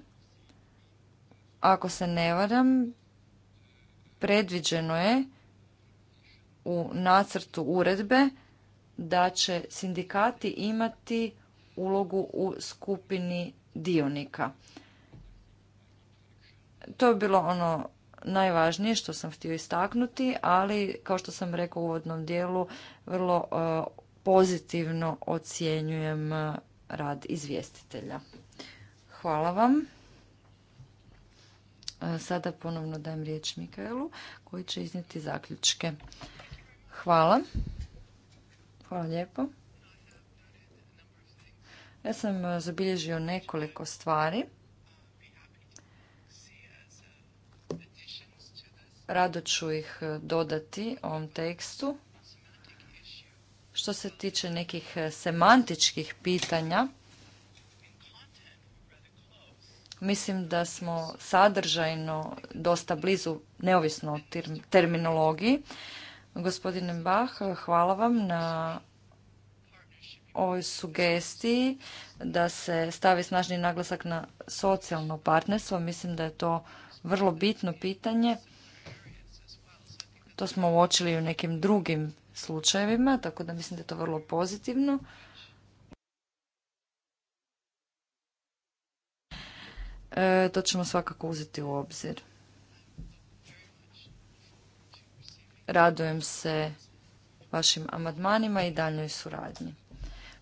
Ako se ne varam, predviđeno je u nacrtu uredbe da će sindikati imati ulogu u skupini dionika. To je bilo ono najvažnije što sam htio istaknuti, ali kao što sam rekao u uvodnom dijelu, vrlo e, pozitivno ocjenjujem e, rad izvjestitelja. Hvala vam. E, sada ponovno dajem riječ Mikaelu koji će iznijeti zaključke. Hvala. Hvala lijepo. Ja sam e, zabilježio nekoliko stvari. Rado ću ih e, dodati ovom tekstu. Što se tiče nekih e, semantičkih pitanja, mislim da smo sadržajno dosta blizu, neovisno o terminologiji. Gospodine Bach, hvala vam na ovoj sugestiji da se stavi snažni naglasak na socijalno partnerstvo. Mislim da je to vrlo bitno pitanje. To smo uočili u nekim drugim slučajevima, tako da mislim da je to vrlo pozitivno. E, to ćemo svakako uzeti u obzir. Radujem se vašim amandmanima i daljnjoj suradnji.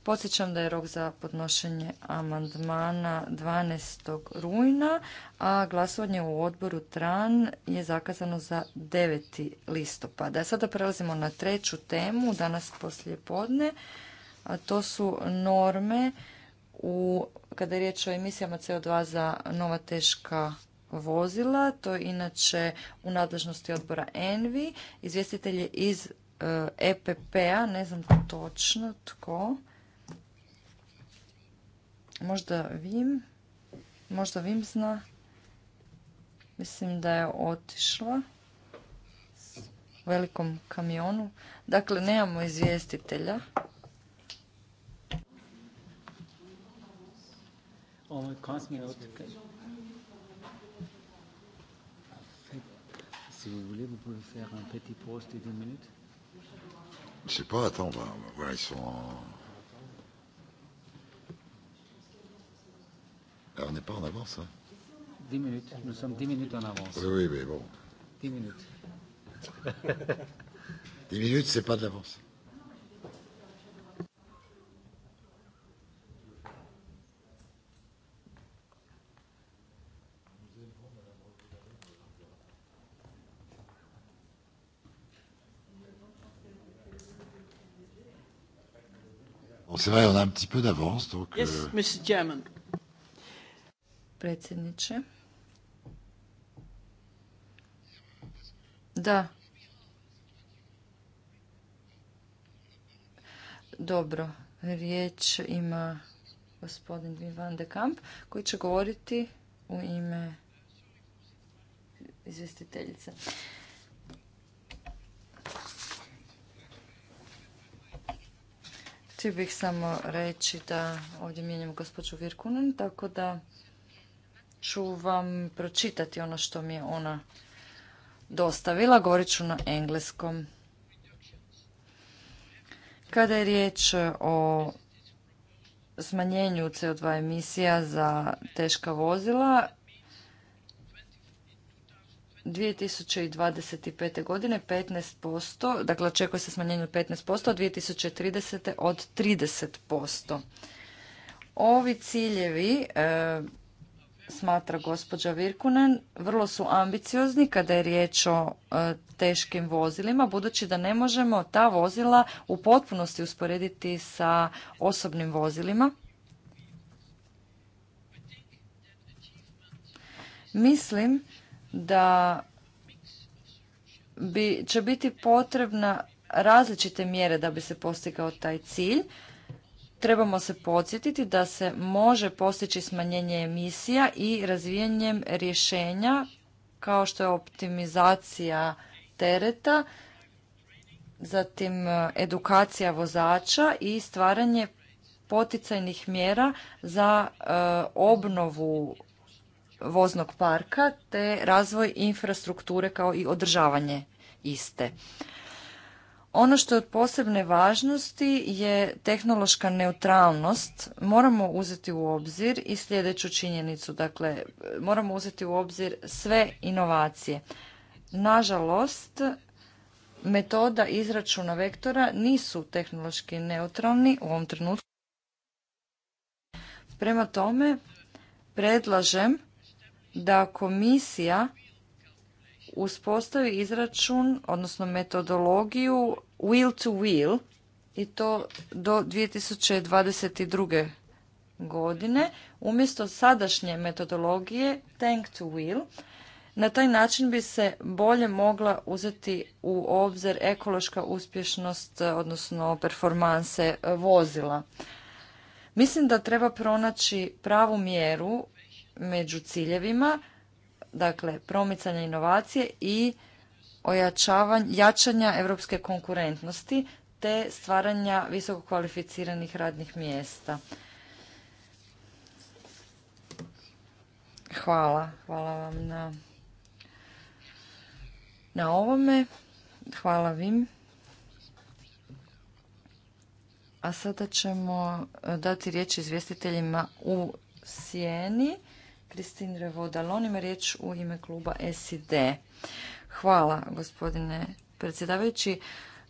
Podsjećam da je rok za podnošenje amandmana 12. rujna, a glasovanje u odboru TRAN je zakazano za 9. listopada. Sada prelazimo na treću temu danas poslije podne, a to su norme u, kada je riječ o emisijama CO2 za nova teška vozila. To je inače u nadležnosti odbora ENVI. Izvjestitelj je iz EPP-a, eh, e ne znam točno tko. Možda Vim. Možda Vim zna. Mislim da je otišla s velikom kamionu. Dakle, nemamo izvjestitelja. Ovo je kasnije Si vous voulez, vous pouvez faire un petit post de 10 minutes. Je sais pas, attends, on on va voir, ils sont... En... Là, ah, on n'est pas en avance, hein 10 minutes, nous sommes 10 minutes en avance. Oui, oui, mais bon. 10 minutes. 10 minutes, c'est pas de l'avance. c'est vrai, on a un petit peu d'avance. Donc, yes, euh... Mr. Chairman. Predsjedniče. Da. Dobro, riječ ima gospodin Wim van de Kamp koji će govoriti u ime izvjestiteljice. Htio bih samo reći da ovdje mijenjam gospođu Virkunen, tako da ću vam pročitati ono što mi je ona dostavila. Govorit ću na engleskom. Kada je riječ o smanjenju CO2 emisija za teška vozila, 2025. godine 15%, dakle očekuje se smanjenje od 15%, a 2030. od 30%. Ovi ciljevi, e, smatra gospođa Virkunen, vrlo su ambiciozni kada je riječ o e, teškim vozilima, budući da ne možemo ta vozila u potpunosti usporediti sa osobnim vozilima. Mislim da bi, će biti potrebna različite mjere da bi se postigao taj cilj. Trebamo se podsjetiti da se može postići smanjenje emisija i razvijanjem rješenja kao što je optimizacija tereta, zatim e, edukacija vozača i stvaranje poticajnih mjera za e, obnovu voznog parka te razvoj infrastrukture kao i održavanje iste. Ono što je od posebne važnosti je tehnološka neutralnost. Moramo uzeti u obzir i sljedeću činjenicu, dakle moramo uzeti u obzir sve inovacije. Nažalost, metoda izračuna vektora nisu tehnološki neutralni u ovom trenutku. Prema tome, predlažem da komisija uspostavi izračun, odnosno metodologiju wheel to wheel i to do 2022. godine umjesto sadašnje metodologije tank to wheel. Na taj način bi se bolje mogla uzeti u obzir ekološka uspješnost, odnosno performanse vozila. Mislim da treba pronaći pravu mjeru među ciljevima, dakle promicanje inovacije i jačanja europske konkurentnosti te stvaranja visoko kvalificiranih radnih mjesta. Hvala, hvala vam na, na ovome. Hvala Vim. A sada ćemo eh, dati riječ izvjestiteljima u sjeni. Kristin Revodalon ima riječ u ime kluba SID. Hvala gospodine predsjedavajući.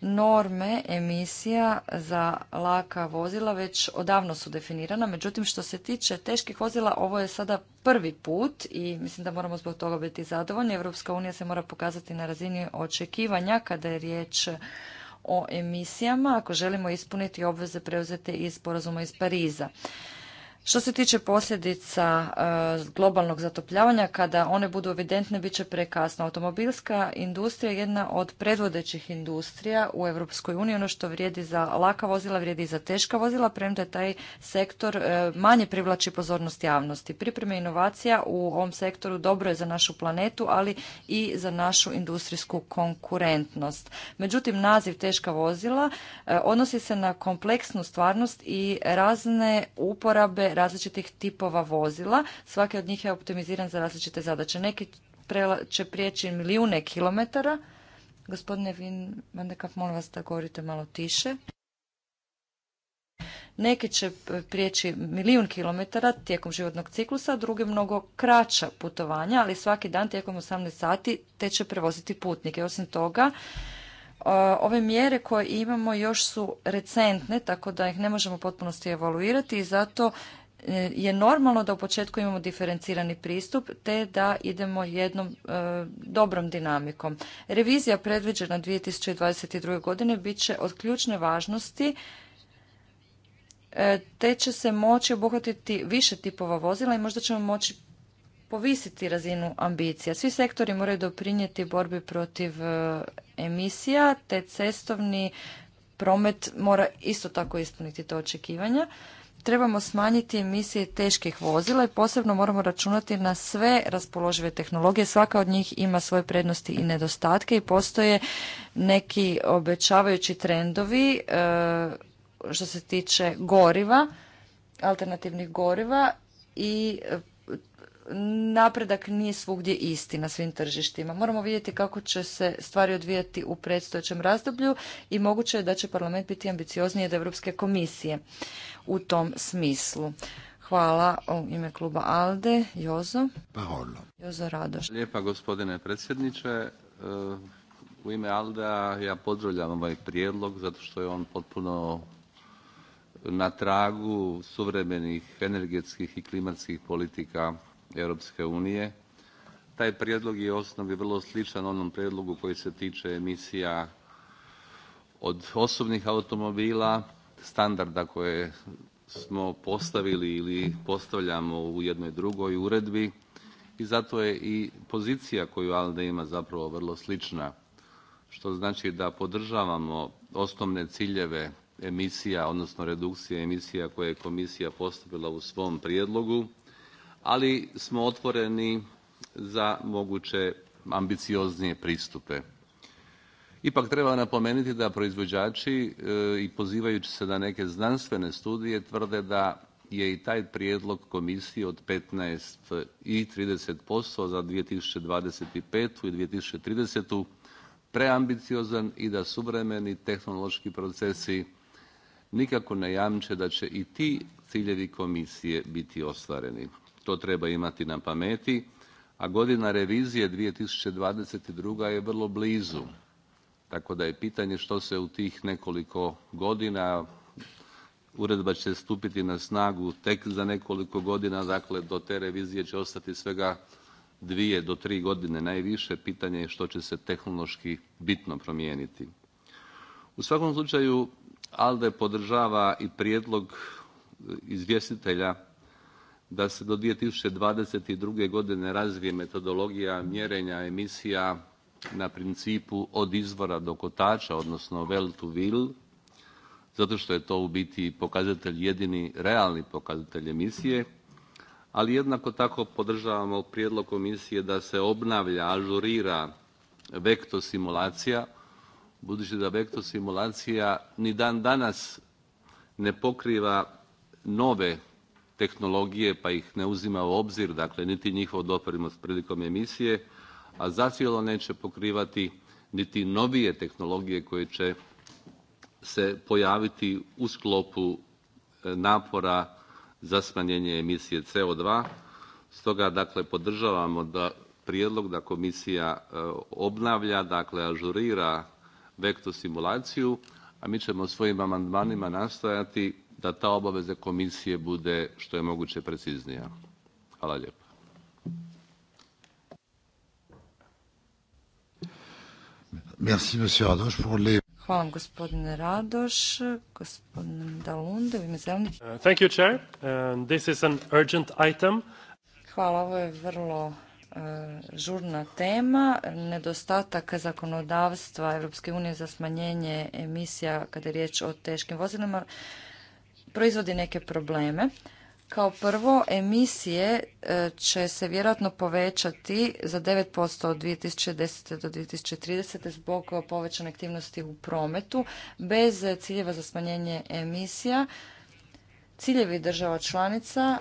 Norme emisija za laka vozila već odavno su definirana, međutim što se tiče teških vozila ovo je sada prvi put i mislim da moramo zbog toga biti zadovoljni. Evropska unija se mora pokazati na razini očekivanja kada je riječ o emisijama ako želimo ispuniti obveze preuzete iz sporazuma iz Pariza. Što se tiče posljedica e, globalnog zatopljavanja, kada one budu evidentne, bit će prekasno. Automobilska industrija je jedna od predvodećih industrija u Europskoj uniji. Ono što vrijedi za laka vozila, vrijedi i za teška vozila, premda taj sektor e, manje privlači pozornost javnosti. Pripreme inovacija u ovom sektoru dobro je za našu planetu, ali i za našu industrijsku konkurentnost. Međutim, naziv teška vozila e, odnosi se na kompleksnu stvarnost i razne uporabe različitih tipova vozila. Svaki od njih je optimiziran za različite zadaće. Neki će prijeći milijune kilometara. Gospodine Vin molim vas da govorite malo tiše. Neki će prijeći milijun kilometara tijekom životnog ciklusa, drugi mnogo kraća putovanja, ali svaki dan tijekom 18 sati te će prevoziti putnike. Osim toga, e, ove mjere koje imamo još su recentne, tako da ih ne možemo potpunosti evaluirati i zato E, je normalno da u početku imamo diferencirani pristup te da idemo jednom e, dobrom dinamikom. Revizija predviđena 2022. godine bit će od ključne važnosti e, te će se moći obuhvatiti više tipova vozila i možda ćemo moći povisiti razinu ambicija. Svi sektori moraju doprinijeti borbi protiv e, emisija te cestovni promet mora isto tako ispuniti to očekivanja trebamo smanjiti emisije teških vozila i posebno moramo računati na sve raspoložive tehnologije. Svaka od njih ima svoje prednosti i nedostatke i postoje neki obećavajući trendovi e, što se tiče goriva, alternativnih goriva i napredak nije svugdje isti na svim tržištima. Moramo vidjeti kako će se stvari odvijati u predstojećem razdoblju i moguće je da će parlament biti ambiciozniji od Europske komisije u tom smislu. Hvala u ime kluba ALDE. Jozo. Jozo Radoš. Lijepa gospodine predsjedniče. E, u ime ALDE ja pozdravljam ovaj prijedlog zato što je on potpuno na tragu suvremenih energetskih i klimatskih politika Europske unije. Taj prijedlog je u osnovi vrlo sličan onom prijedlogu koji se tiče emisija od osobnih automobila, standarda koje smo postavili ili postavljamo u jednoj drugoj uredbi i zato je i pozicija koju ALDE ima zapravo vrlo slična, što znači da podržavamo osnovne ciljeve emisija, odnosno redukcije emisija koje je komisija postavila u svom prijedlogu ali smo otvoreni za moguće ambicioznije pristupe. Ipak treba napomenuti da proizvođači e, i pozivajući se na neke znanstvene studije tvrde da je i taj prijedlog komisije od 15 i 30% za 2025. i 2030. preambiciozan i da suvremeni tehnološki procesi nikako ne jamče da će i ti ciljevi komisije biti ostvareni to treba imati na pameti, a godina revizije 2022. je vrlo blizu. Tako da je pitanje što se u tih nekoliko godina, uredba će stupiti na snagu tek za nekoliko godina, dakle do te revizije će ostati svega dvije do tri godine najviše, pitanje je što će se tehnološki bitno promijeniti. U svakom slučaju ALDE podržava i prijedlog izvjestitelja da se do 2022. godine razvije metodologija mjerenja emisija na principu od izvora do kotača, odnosno well to will, zato što je to u biti pokazatelj jedini realni pokazatelj emisije, ali jednako tako podržavamo prijedlog komisije da se obnavlja, ažurira vekto simulacija, budući da vekto simulacija ni dan danas ne pokriva nove tehnologije pa ih ne uzima u obzir, dakle niti njihov doprinos prilikom emisije, a zacijelo neće pokrivati niti novije tehnologije koje će se pojaviti u sklopu e, napora za smanjenje emisije CO2. Stoga dakle podržavamo da prijedlog da komisija e, obnavlja, dakle ažurira vektu simulaciju, a mi ćemo svojim amandmanima nastojati da ta obaveza komisije bude što je moguće preciznija. Hvala lijepa. Hvala vam, gospodine Radoš. gospodine Dalunde, u ime uh, Thank you, Chair. Uh, this is an urgent item. Hvala, ovo je vrlo uh, žurna tema, nedostatak zakonodavstva Europske unije za smanjenje emisija kada je riječ o teškim vozilima proizvodi neke probleme. Kao prvo, emisije e, će se vjerojatno povećati za 9% od 2010. do 2030. zbog povećane aktivnosti u prometu, bez ciljeva za smanjenje emisija. Ciljevi država članica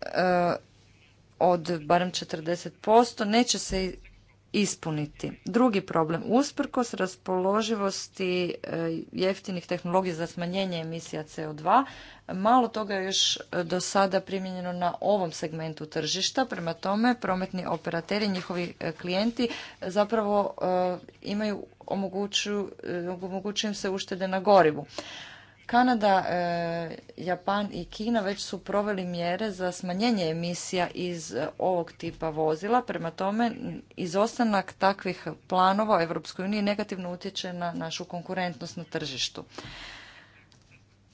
e, od barem 40% neće se ispuniti. Drugi problem, usprkos raspoloživosti e, jeftinih tehnologija za smanjenje emisija CO2, malo toga je još e, do sada primijenjeno na ovom segmentu tržišta, prema tome prometni operateri, njihovi e, klijenti zapravo imaju omogućuju, se uštede na gorivu. Kanada, e, Japan i Kina već su proveli mjere za smanjenje emisija iz e, ovog tipa vozila. Prema tome, izostanak takvih planova u EU negativno utječe na našu konkurentnost na tržištu.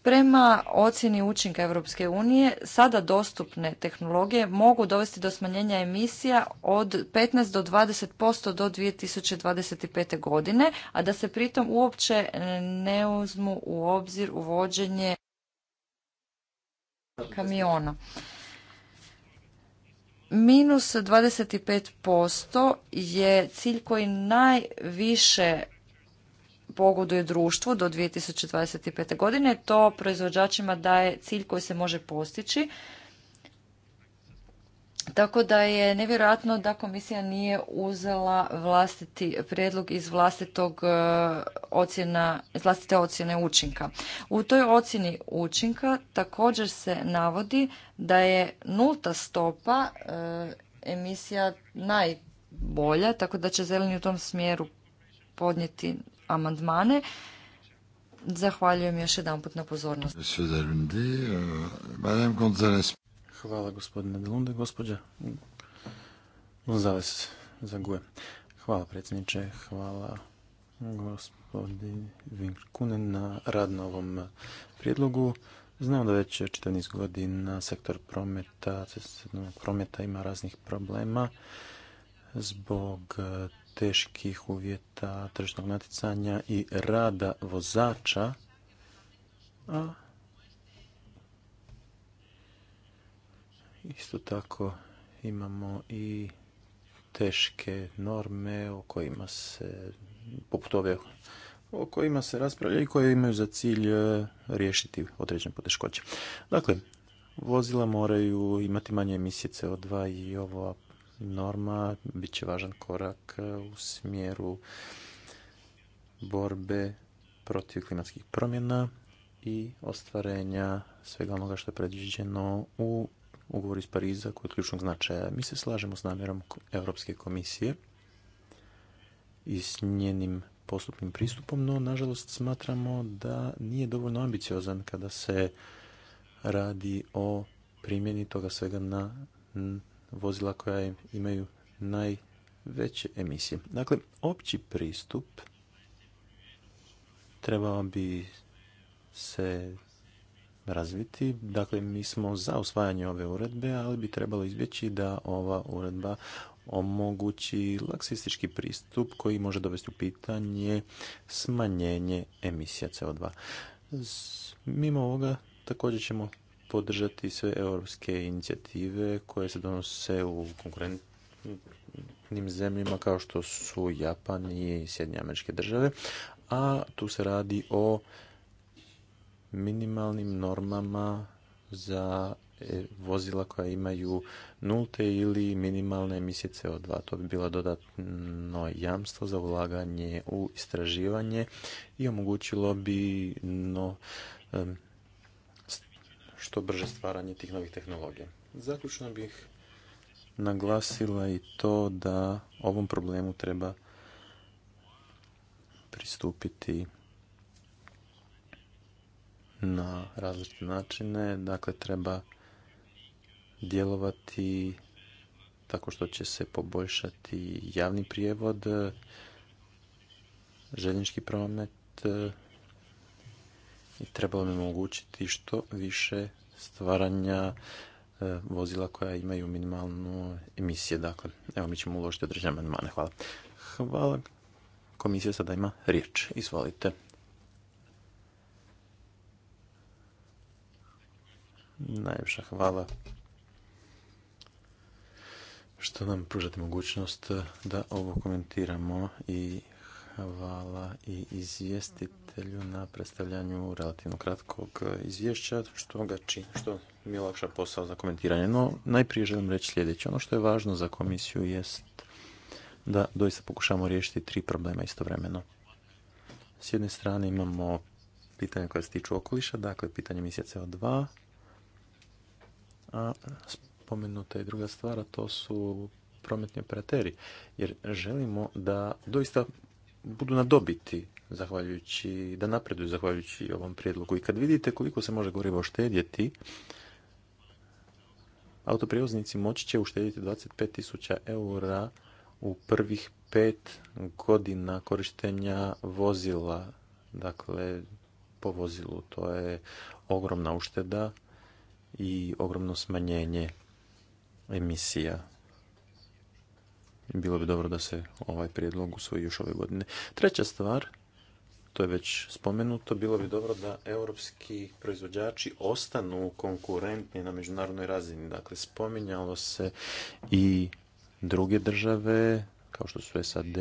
Prema ocjeni učinka Europske unije, sada dostupne tehnologije mogu dovesti do smanjenja emisija od 15 do 20% do 2025. godine, a da se pritom uopće ne uzmu u obzir uvođenje kamiona. Minus 25% je cilj koji najviše pogoduje društvu do 2025. godine. To proizvođačima daje cilj koji se može postići. Tako da je nevjerojatno da komisija nije uzela vlastiti prijedlog iz vlastitog e, ocjena, vlastite ocjene učinka. U toj ocjeni učinka također se navodi da je nulta stopa e, emisija najbolja, tako da će zeleni u tom smjeru podnijeti amandmane. Zahvaljujem još jedanput na pozornost. Euh, hvala gospodine Delunde, gospođa za Zaguje. Hvala predsjedniče, hvala gospodin Vinkunen na rad na ovom prijedlogu. Znam da već čitav niz godina sektor prometa, cestovnog prometa ima raznih problema zbog teških uvjeta tržnog natjecanja i rada vozača, a isto tako imamo i teške norme o kojima se, poput ove, o kojima se raspravlja i koje imaju za cilj e, riješiti određene poteškoće. Dakle, vozila moraju imati manje emisije CO2 i ova norma bit će važan korak e, u smjeru borbe protiv klimatskih promjena i ostvarenja svega onoga što je predviđeno u ugovoru iz Pariza koji je ključnog značaja. Mi se slažemo s namjerom Europske komisije i s njenim postupnim pristupom, no nažalost smatramo da nije dovoljno ambiciozan kada se radi o primjeni toga svega na vozila koja imaju najveće emisije. Dakle, opći pristup trebao bi se razviti. Dakle, mi smo za usvajanje ove uredbe, ali bi trebalo izbjeći da ova uredba omogući laksistički pristup koji može dovesti u pitanje smanjenje emisija CO2. Mimo ovoga također ćemo podržati sve europske inicijative koje se donose u konkurentnim zemljama kao što su Japan i Sjedinje američke države, a tu se radi o minimalnim normama za e, vozila koja imaju nulte ili minimalne emisije CO2. To bi bilo dodatno jamstvo za ulaganje u istraživanje i omogućilo bi no, što brže stvaranje tih novih tehnologija. Zaključno bih naglasila i to da ovom problemu treba pristupiti na različite načine. Dakle, treba djelovati tako što će se poboljšati javni prijevod, željenički promet, i trebalo bi omogućiti što više stvaranja e, vozila koja imaju minimalnu emisije. Dakle, evo mi ćemo uložiti određene amandmane. Hvala. Hvala. Komisija sada ima riječ. Izvolite. Najviše hvala što nam pružate mogućnost da ovo komentiramo i hvala i izvjestitelju na predstavljanju relativno kratkog izvješća, što ga čini, što mi olakša posao za komentiranje. No, najprije želim reći sljedeće. Ono što je važno za komisiju jest da doista pokušamo riješiti tri problema istovremeno. S jedne strane imamo pitanja koja se tiču okoliša, dakle pitanje misija CO2, a spomenuta je druga stvar, a to su prometni operateri, jer želimo da doista budu na dobiti zahvaljujući, da napreduju zahvaljujući ovom prijedlogu. I kad vidite koliko se može gorivo štedjeti, autoprijevoznici moći će uštedjeti 25.000 eura u prvih pet godina korištenja vozila. Dakle, po vozilu to je ogromna ušteda i ogromno smanjenje emisija bilo bi dobro da se ovaj prijedlog usvoji još ove godine. Treća stvar, to je već spomenuto, bilo bi dobro da europski proizvođači ostanu konkurentni na međunarodnoj razini. Dakle, spominjalo se i druge države, kao što su SAD,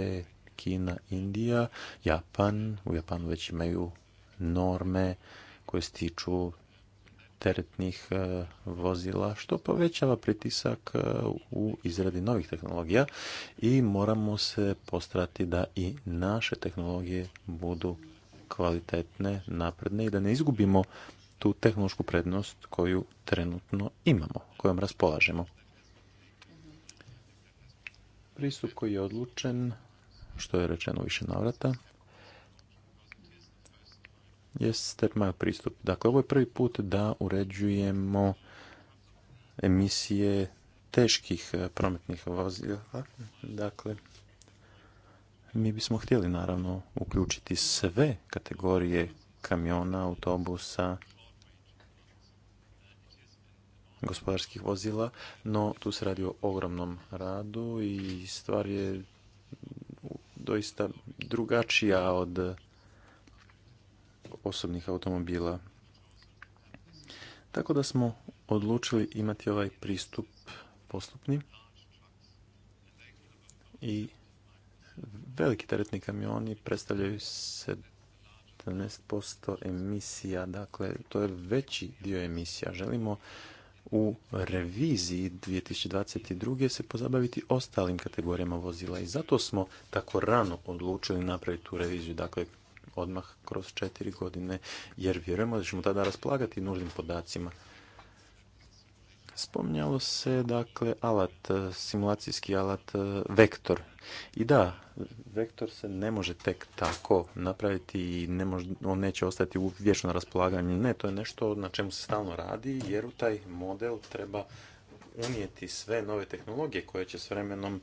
Kina, Indija, Japan. U Japanu već imaju norme koje stiču teretnih e, vozila, što povećava pritisak e, u izradi novih tehnologija i moramo se postrati da i naše tehnologije budu kvalitetne, napredne i da ne izgubimo tu tehnološku prednost koju trenutno imamo, kojom raspolažemo. Pristup koji je odlučen, što je rečeno više navrata, jeste moj pristup. Dakle, ovo je prvi put da uređujemo emisije teških e, prometnih vozila. Dakle, mi bismo htjeli naravno uključiti sve kategorije kamiona, autobusa, gospodarskih vozila, no tu se radi o ogromnom radu i stvar je doista drugačija od osobnih automobila. Tako da smo odlučili imati ovaj pristup postupni i veliki teretni kamioni predstavljaju 17% emisija, dakle to je veći dio emisija. Želimo u reviziji 2022. se pozabaviti ostalim kategorijama vozila i zato smo tako rano odlučili napraviti tu reviziju. Dakle, odmah kroz četiri godine, jer vjerujemo da ćemo tada raspolagati nužnim podacima. Spominjalo se, dakle, alat, e, simulacijski alat, e, vektor. I da, vektor se ne može tek tako napraviti i ne može, on neće ostati u vječno raspolaganju. Ne, to je nešto na čemu se stalno radi, jer u taj model treba unijeti sve nove tehnologije koje će s vremenom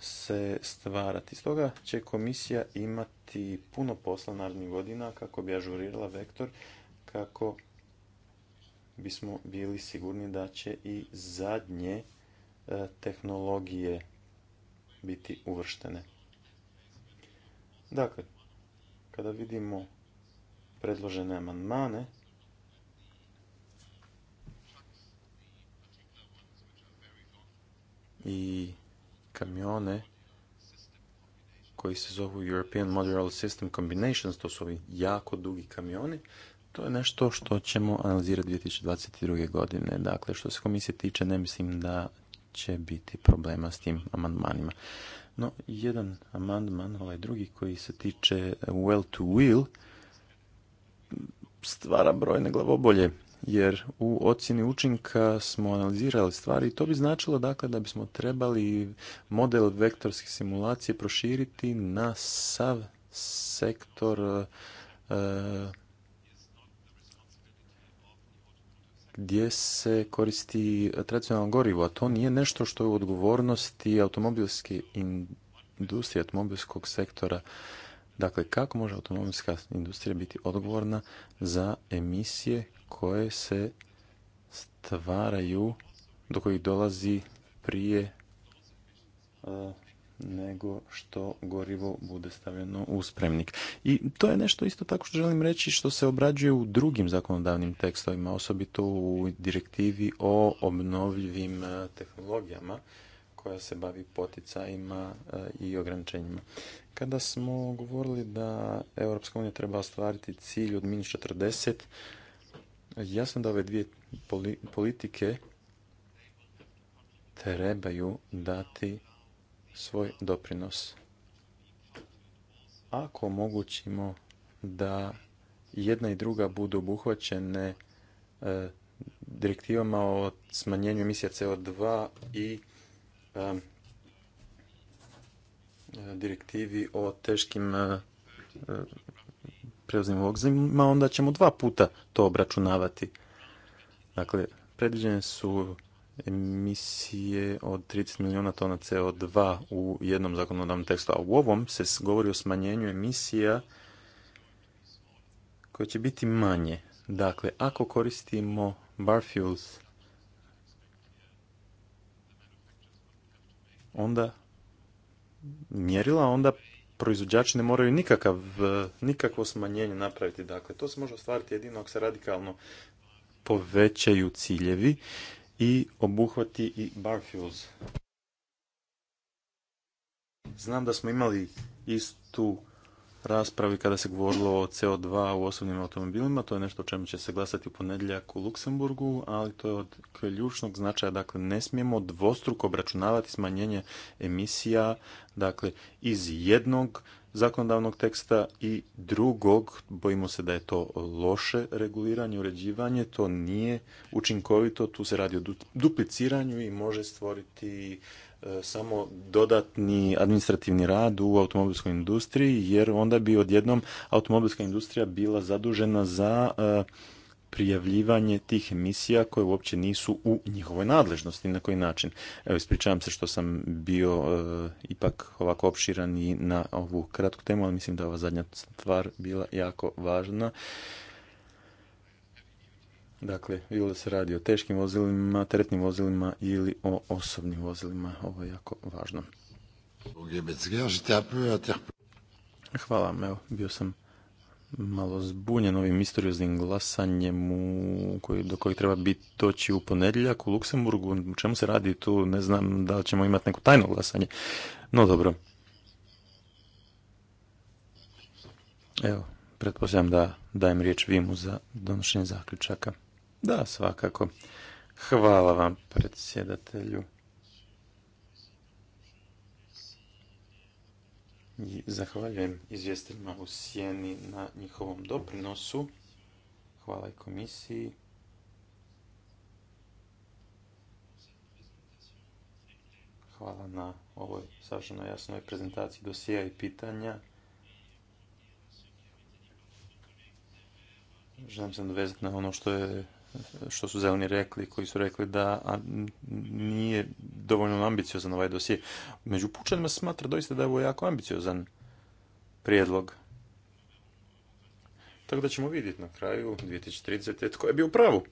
se stvarati. Stoga će komisija imati puno posla narednih godina kako bi ažurirala vektor, kako bismo bili sigurni da će i zadnje e, tehnologije biti uvrštene. Dakle, kada vidimo predložene amandmane, i kamione koji se zovu European Modular System Combinations, to su ovi jako dugi kamioni, to je nešto što ćemo analizirati 2022. godine. Dakle, što se komisije tiče, ne mislim da će biti problema s tim amandmanima. No, jedan amandman, ovaj drugi koji se tiče well to will stvara brojne glavobolje jer u ocjeni učinka smo analizirali stvari i to bi značilo dakle da bismo trebali model vektorske simulacije proširiti na sav sektor eh, gdje se koristi tradicionalno gorivo, a to nije nešto što je u odgovornosti automobilske industrije, automobilskog sektora. Dakle, kako može automobilska industrija biti odgovorna za emisije koje se stvaraju, do kojih dolazi prije e, nego što gorivo bude stavljeno u spremnik. I to je nešto isto tako što želim reći što se obrađuje u drugim zakonodavnim tekstovima, osobito u direktivi o obnovljivim e, tehnologijama koja se bavi poticajima e, i ograničenjima. Kada smo govorili da EU treba ostvariti cilj od minus 40, Jasno da ove dvije politike trebaju dati svoj doprinos. Ako omogućimo da jedna i druga budu obuhvaćene e, direktivama o smanjenju emisija CO2 i e, e, direktivi o teškim prevoznim vozilima, onda ćemo dva puta to obračunavati. Dakle, predviđene su emisije od 30 milijuna tona CO2 u jednom zakonodavnom tekstu, a u ovom se govori o smanjenju emisija koje će biti manje. Dakle, ako koristimo barfuels, onda mjerila, onda proizvođači ne moraju nikakav, e, nikakvo smanjenje napraviti. Dakle, to se može ostvariti jedino ako se radikalno povećaju ciljevi i obuhvati i barfuels. Znam da smo imali istu raspravi kada se govorilo o CO2 u osobnim automobilima. To je nešto o čemu će se glasati u ponedjeljak u Luksemburgu, ali to je od ključnog značaja. Dakle, ne smijemo dvostruko obračunavati smanjenje emisija dakle, iz jednog zakonodavnog teksta i drugog. Bojimo se da je to loše reguliranje, uređivanje. To nije učinkovito. Tu se radi o dupliciranju i može stvoriti E, samo dodatni administrativni rad u automobilskoj industriji, jer onda bi odjednom automobilska industrija bila zadužena za e, prijavljivanje tih emisija koje uopće nisu u njihovoj nadležnosti na koji način. Evo, ispričavam se što sam bio e, ipak ovako opširan i na ovu kratku temu, ali mislim da je ova zadnja stvar bila jako važna. Dakle, bilo da se radi o teškim vozilima, teretnim vozilima ili o osobnim vozilima. Ovo je jako važno. Hvala vam, evo, bio sam malo zbunjen ovim misterioznim glasanjem u koji, do kojeg treba biti toći u ponedjeljak u Luksemburgu. U čemu se radi tu? Ne znam da li ćemo imati neko tajno glasanje. No dobro. Evo, pretpostavljam da dajem riječ Vimu za donošenje zaključaka. Da, svakako. Hvala vam, predsjedatelju. I zahvaljujem izvjestiteljima u Sjeni na njihovom doprinosu. Hvala i komisiji. Hvala na ovoj savršeno jasnoj prezentaciji dosija i pitanja. Želim se dovezati na ono što je što su zeleni rekli, koji su rekli da nije dovoljno ambiciozan ovaj dosje. Među pučanima smatra doista da je ovo jako ambiciozan prijedlog. Tako da ćemo vidjeti na kraju 2030. tko je bio u pravu.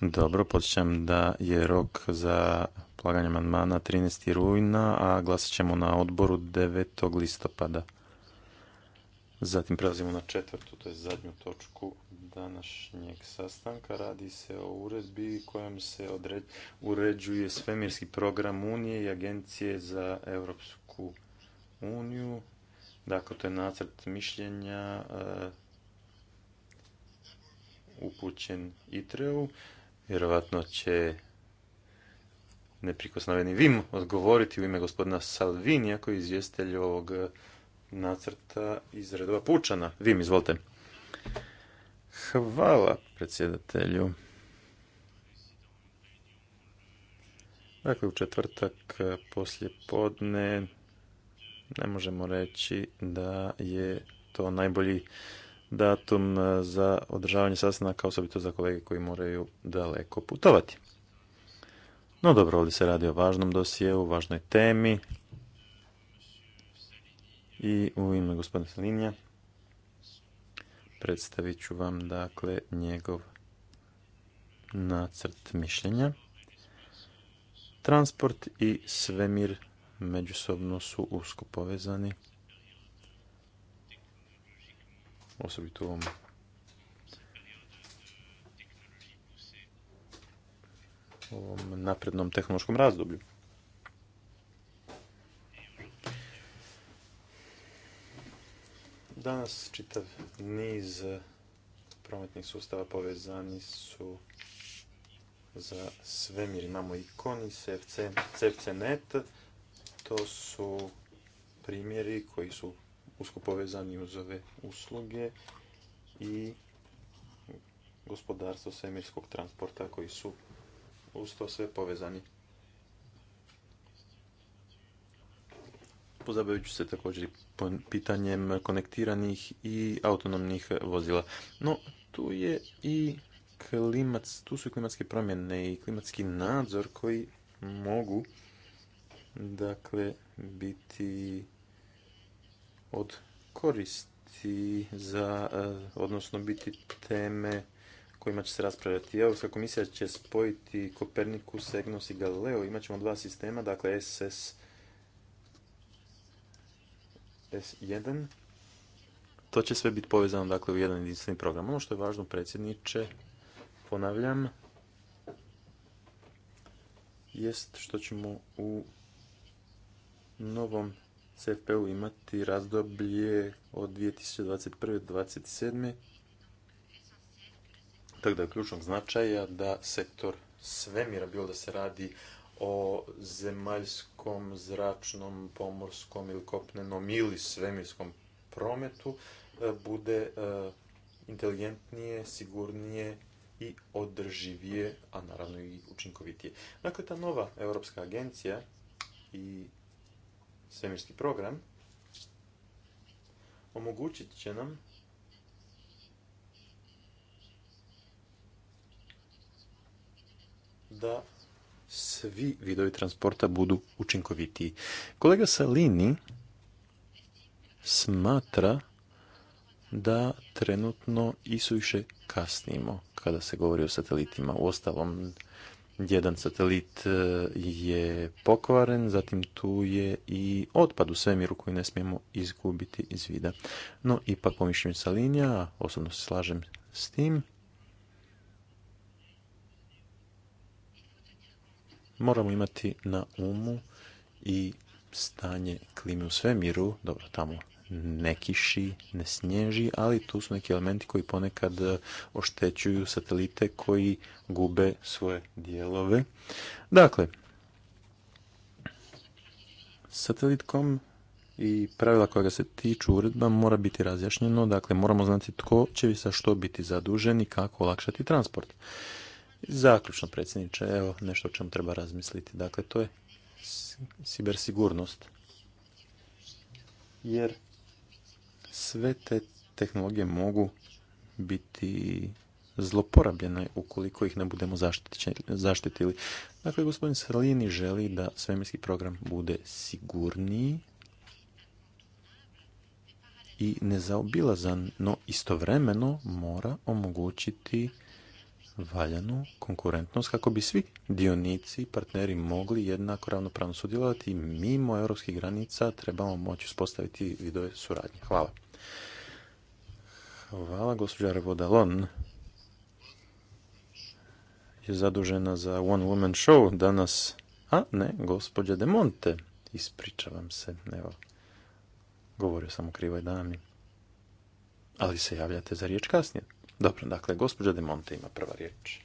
Dobro, podsjećam da je rok za plaganje manmana 13. rujna, a glasat ćemo na odboru 9. listopada. Zatim prelazimo na četvrtu, to je zadnju točku današnjeg sastanka. Radi se o uredbi kojom se uređuje svemirski program Unije i Agencije za Europsku uniju. Dakle, to je nacrt mišljenja e, upućen ITRE-u. Vjerovatno će neprikosnoveni Vim odgovoriti u ime gospodina Salvinija koji je izvjestelj ovog nacrta iz redova Pučana. Vim izvolite. Hvala predsjedatelju. Dakle, u četvrtak eh, poslje podne ne možemo reći da je to najbolji datum eh, za održavanje sastanaka, osobito za kolege koji moraju daleko putovati. No dobro, ovdje se radi o važnom dosijeu, važnoj temi, i u ime gospodina Salinija predstavit ću vam dakle njegov nacrt mišljenja. Transport i svemir međusobno su usko povezani. Osobito u ovom ovom naprednom tehnološkom razdoblju. Danas čitav niz eh, prometnih sustava povezani su za svemir. Imamo i KONI, CFCNet. To su primjeri koji su usko povezani uz ove usluge i gospodarstvo svemirskog transporta koji su usto sve povezani. pozabavit ću se također pitanjem konektiranih i autonomnih vozila. No, tu je i tu su klimatske promjene i klimatski nadzor koji mogu dakle biti od koristi za, eh, odnosno biti teme kojima će se raspravljati. Europska komisija će spojiti Koperniku, Egnos i Galileo. Imaćemo dva sistema, dakle SS s1. To će sve biti povezano dakle, u jedan jedinstveni program. Ono što je važno, predsjedniče, ponavljam, jest što ćemo u novom CFP-u imati razdoblje od 2021. do 2027. Tako da je ključnog značaja da sektor svemira, bilo da se radi o zemaljskom, zračnom, pomorskom ili kopnenom ili svemirskom prometu e, bude e, inteligentnije, sigurnije i održivije, a naravno i učinkovitije. Dakle, ta nova Europska agencija i svemirski program omogućit će nam da svi vidovi transporta budu učinkovitiji. Kolega Salini smatra da trenutno i više kasnimo kada se govori o satelitima. Uostalom, jedan satelit e, je pokvaren, zatim tu je i otpad u svemiru koji ne smijemo izgubiti iz vida. No, ipak po sa linija osobno se slažem s tim, moramo imati na umu i stanje klime u svemiru, dobro tamo ne kiši, ne snježi, ali tu su neki elementi koji ponekad e, oštećuju satelite koji gube svoje dijelove. Dakle, satelitkom i pravila koja ga se tiču uredba mora biti razjašnjeno, dakle moramo znati tko će sa što biti zadužen i kako olakšati transport. Zaključno, predsjedniče, evo nešto o čemu treba razmisliti. Dakle, to je sibersigurnost. Jer sve te tehnologije mogu biti zloporabljene ukoliko ih ne budemo zaštitili. Dakle, gospodin Salini želi da svemirski program bude sigurniji i nezaobilazan, no istovremeno mora omogućiti valjanu konkurentnost kako bi svi dionici i partneri mogli jednako ravnopravno sudjelovati i mimo europskih granica trebamo moći uspostaviti vidove suradnje. Hvala. Hvala, gospođa Revodalon je zadužena za One Woman Show danas. A ne, gospođa De Monte, ispričavam se, evo, govorio sam o krivoj dami. Ali se javljate za riječ kasnije. Dobro, dakle, gospođa De Monte ima prva riječ.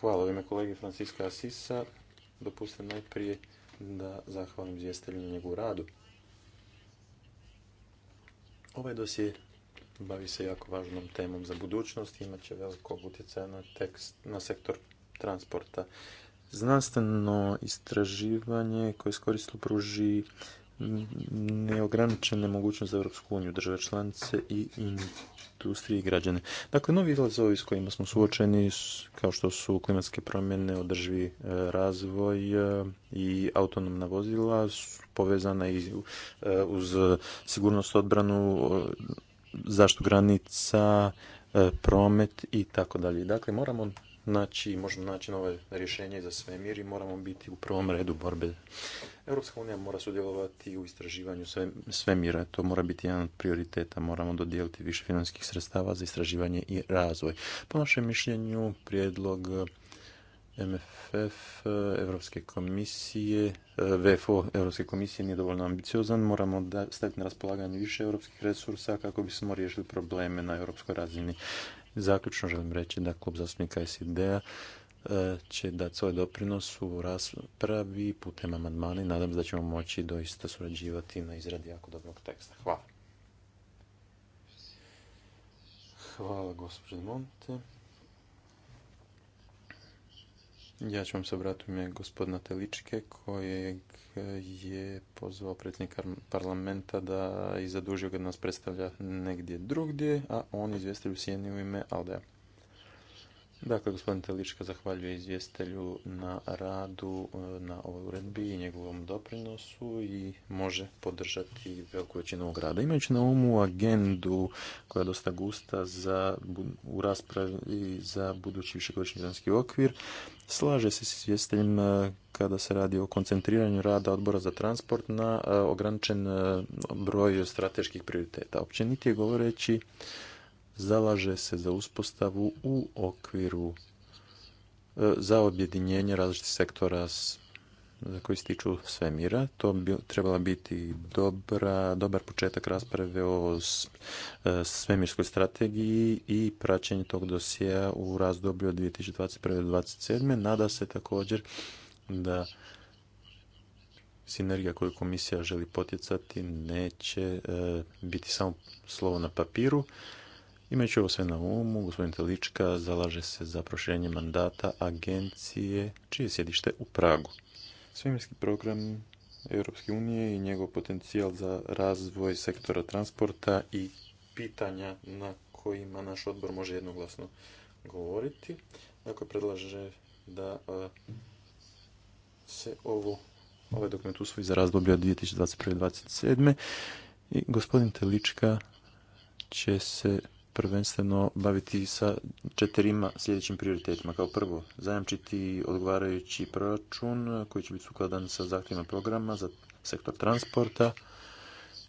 Hvala u ime kolege Franciska Asisa. Dopustite najprije da zahvalim izvjestelju na njegovu radu. Ovaj dosje bavi se jako važnom temom za budućnost i imat će velikog utjecaja tekst, na sektor transporta znanstveno istraživanje koje skoristilo pruži neograničene mogućnosti za Europsku uniju, države članice i industrije i građane. Dakle, novi izazovi s kojima smo suočeni, kao što su klimatske promjene, održivi e, razvoj e, i autonomna vozila, povezana i e, uz sigurnost odbranu, zaštitu granica, promet i tako dalje. Dakle, moramo naći, možemo naći nove rješenje za svemir i moramo biti u prvom redu borbe. Europska unija mora sudjelovati u istraživanju svemira, to mora biti jedan od prioriteta, moramo dodijeliti više financijskih sredstava za istraživanje i razvoj. Po našem mišljenju, prijedlog MFF eh, Europske komisije, eh, VFO Europske komisije nije dovoljno ambiciozan, moramo da staviti na raspolaganje više europskih resursa kako bismo riješili probleme na europskoj razini. Zaključno želim reći da klub zastupnika SID-a e, će dati svoj doprinos u raspravi putem amandmana i nadam se da ćemo moći doista surađivati na izradi jako dobrog teksta. Hvala. Hvala gospođe Monte. Ja ću vam se obratiti ime gospodina Teličke kojeg je pozvao predsjednik parlamenta da i zadužio ga nas predstavlja negdje drugdje, a on izvjestitelj u sjeni u ime Aldeja. Dakle, gospodin Telička zahvaljuje izvjestelju na radu e, na ovoj uredbi i njegovom doprinosu i može podržati veliku većinu ovog rada. Imajući na umu agendu koja je dosta gusta za, u raspravi za budući višegodišnji zanski okvir, slaže se s izvjesteljem e, kada se radi o koncentriranju rada odbora za transport na e, ograničen broj strateških prioriteta. Općenitije govoreći, zalaže se za uspostavu u okviru e, za objedinjenje različitih sektora za koji se tiču svemira. To bi trebala biti dobra, dobar početak rasprave o e, svemirskoj strategiji i praćenju tog dosija u razdoblju od 2021. do 2027. Nada se također da sinergija koju komisija želi potjecati neće e, biti samo slovo na papiru, Imajući ovo sve na umu, gospodin Telička zalaže se za proširenje mandata agencije čije sjedište u Pragu. Svemirski program Europske unije i njegov potencijal za razvoj sektora transporta i pitanja na kojima naš odbor može jednoglasno govoriti. Dakle, predlaže da se ovo, ovaj dokument usvoji za razdoblje od 2021. 2027. I gospodin Telička će se prvenstveno baviti sa četirima sljedećim prioritetima. Kao prvo, zajamčiti odgovarajući proračun koji će biti sukladan sa zahtjevima programa za sektor transporta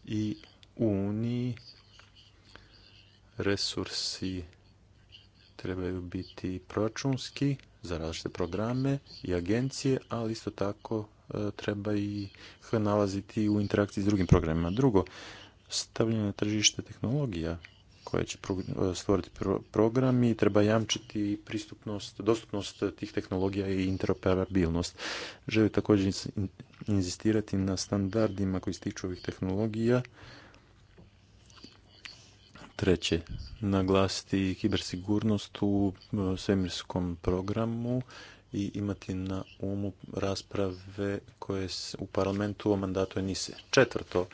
i Uniji resursi trebaju biti proračunski za različite programe i agencije, ali isto tako e, treba i nalaziti u interakciji s drugim programima. Drugo, stavljanje na tržište tehnologija koje će stvoriti program i treba jamčiti pristupnost, dostupnost tih tehnologija i interoperabilnost. Želim također inzistirati na standardima koji stiču ovih tehnologija. Treće, naglasiti kibersigurnost u e, svemirskom programu i imati na umu rasprave koje u parlamentu o mandatu nise. Četvrto,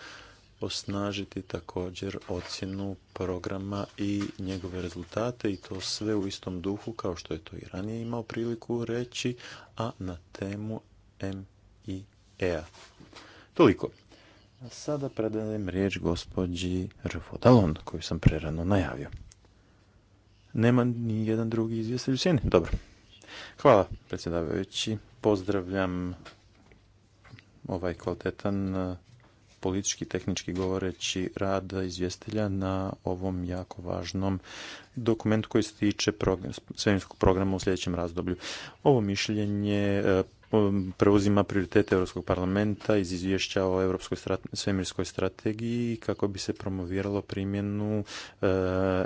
osnažiti također ocjenu programa i njegove rezultate i to sve u istom duhu kao što je to i ranije imao priliku reći, a na temu MIE-a. Toliko. A sada predajem riječ gospođi Rvodalon, koju sam prerano najavio. Nema ni jedan drugi izvjestelj u sjeni? Dobro. Hvala, predsjedavajući. Pozdravljam ovaj kvalitetan politički, tehnički govoreći rad izvjestelja na ovom jako važnom dokumentu koji se tiče svemirskog programa u sljedećem razdoblju. Ovo mišljenje e, Um, preuzima prioritete Europskog parlamenta iz izvješća o Europskoj svemirskoj strategiji kako bi se promoviralo primjenu uh,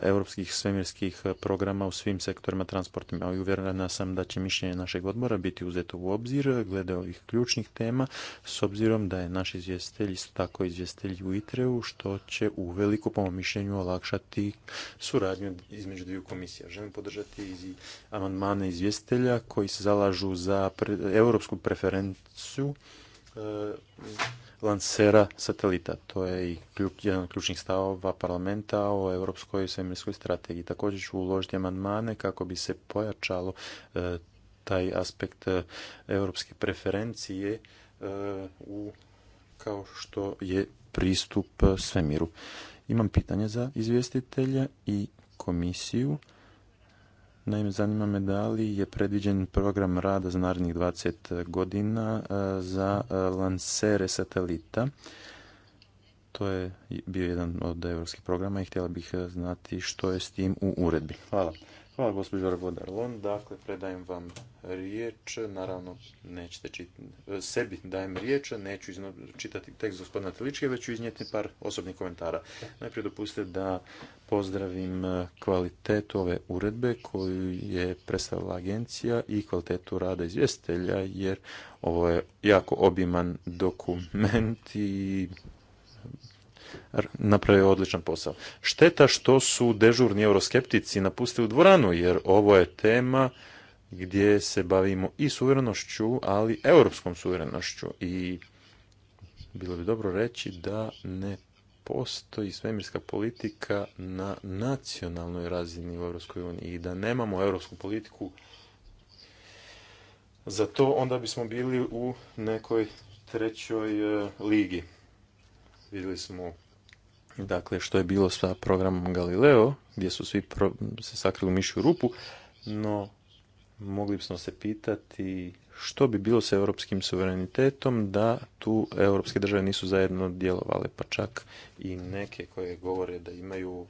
europskih svemirskih programa u svim sektorima transportima. I uvjerena sam da će mišljenje našeg odbora biti uzeto u obzir glede ovih ključnih tema s obzirom da je naš izvjestitelj isto tako izvjestitelj u ITREU što će u veliku, po mišljenju olakšati suradnju između dviju komisija. Želim podržati iz amandmane izvjestitelja koji se zalažu za pre, europsku preferenciju e, lansera satelita. To je i jedan od ključnih stavova parlamenta o europskoj svemirskoj strategiji. Također ću uložiti amandmane kako bi se pojačalo e, taj aspekt e, europske preferencije u kao što je pristup svemiru. Imam pitanje za izvjestitelja i komisiju. Naime, zanima me da li je predviđen program rada za narednih 20 godina e, za e, lansere satelita. To je bio jedan od europskih programa i htjela bih e, znati što je s tim u uredbi. Hvala. Hvala gospođo Vodarlon. Dakle, predajem vam riječ. Naravno, nećete čitati, e, sebi dajem riječ, neću čitati tekst gospodina Teličke, već ću iznijeti par osobnih komentara. Najprije dopustite da pozdravim e, kvalitetu ove uredbe koju je predstavila agencija i kvalitetu rada izvjestitelja, jer ovo je jako obiman dokument i napravio odličan posao. Šteta što su dežurni euroskeptici napustili dvoranu, jer ovo je tema gdje se bavimo i suverenošću, ali europskom suverenošću. I bilo bi dobro reći da ne postoji svemirska politika na nacionalnoj razini u Europskoj uniji i da nemamo europsku politiku za to onda bismo bili u nekoj trećoj e, ligi. Vidjeli smo dakle što je bilo sa programom Galileo, gdje su svi se sakrili u mišju rupu, no mogli bismo se pitati što bi bilo sa europskim suverenitetom da tu europske države nisu zajedno djelovale, pa čak i neke koje govore da imaju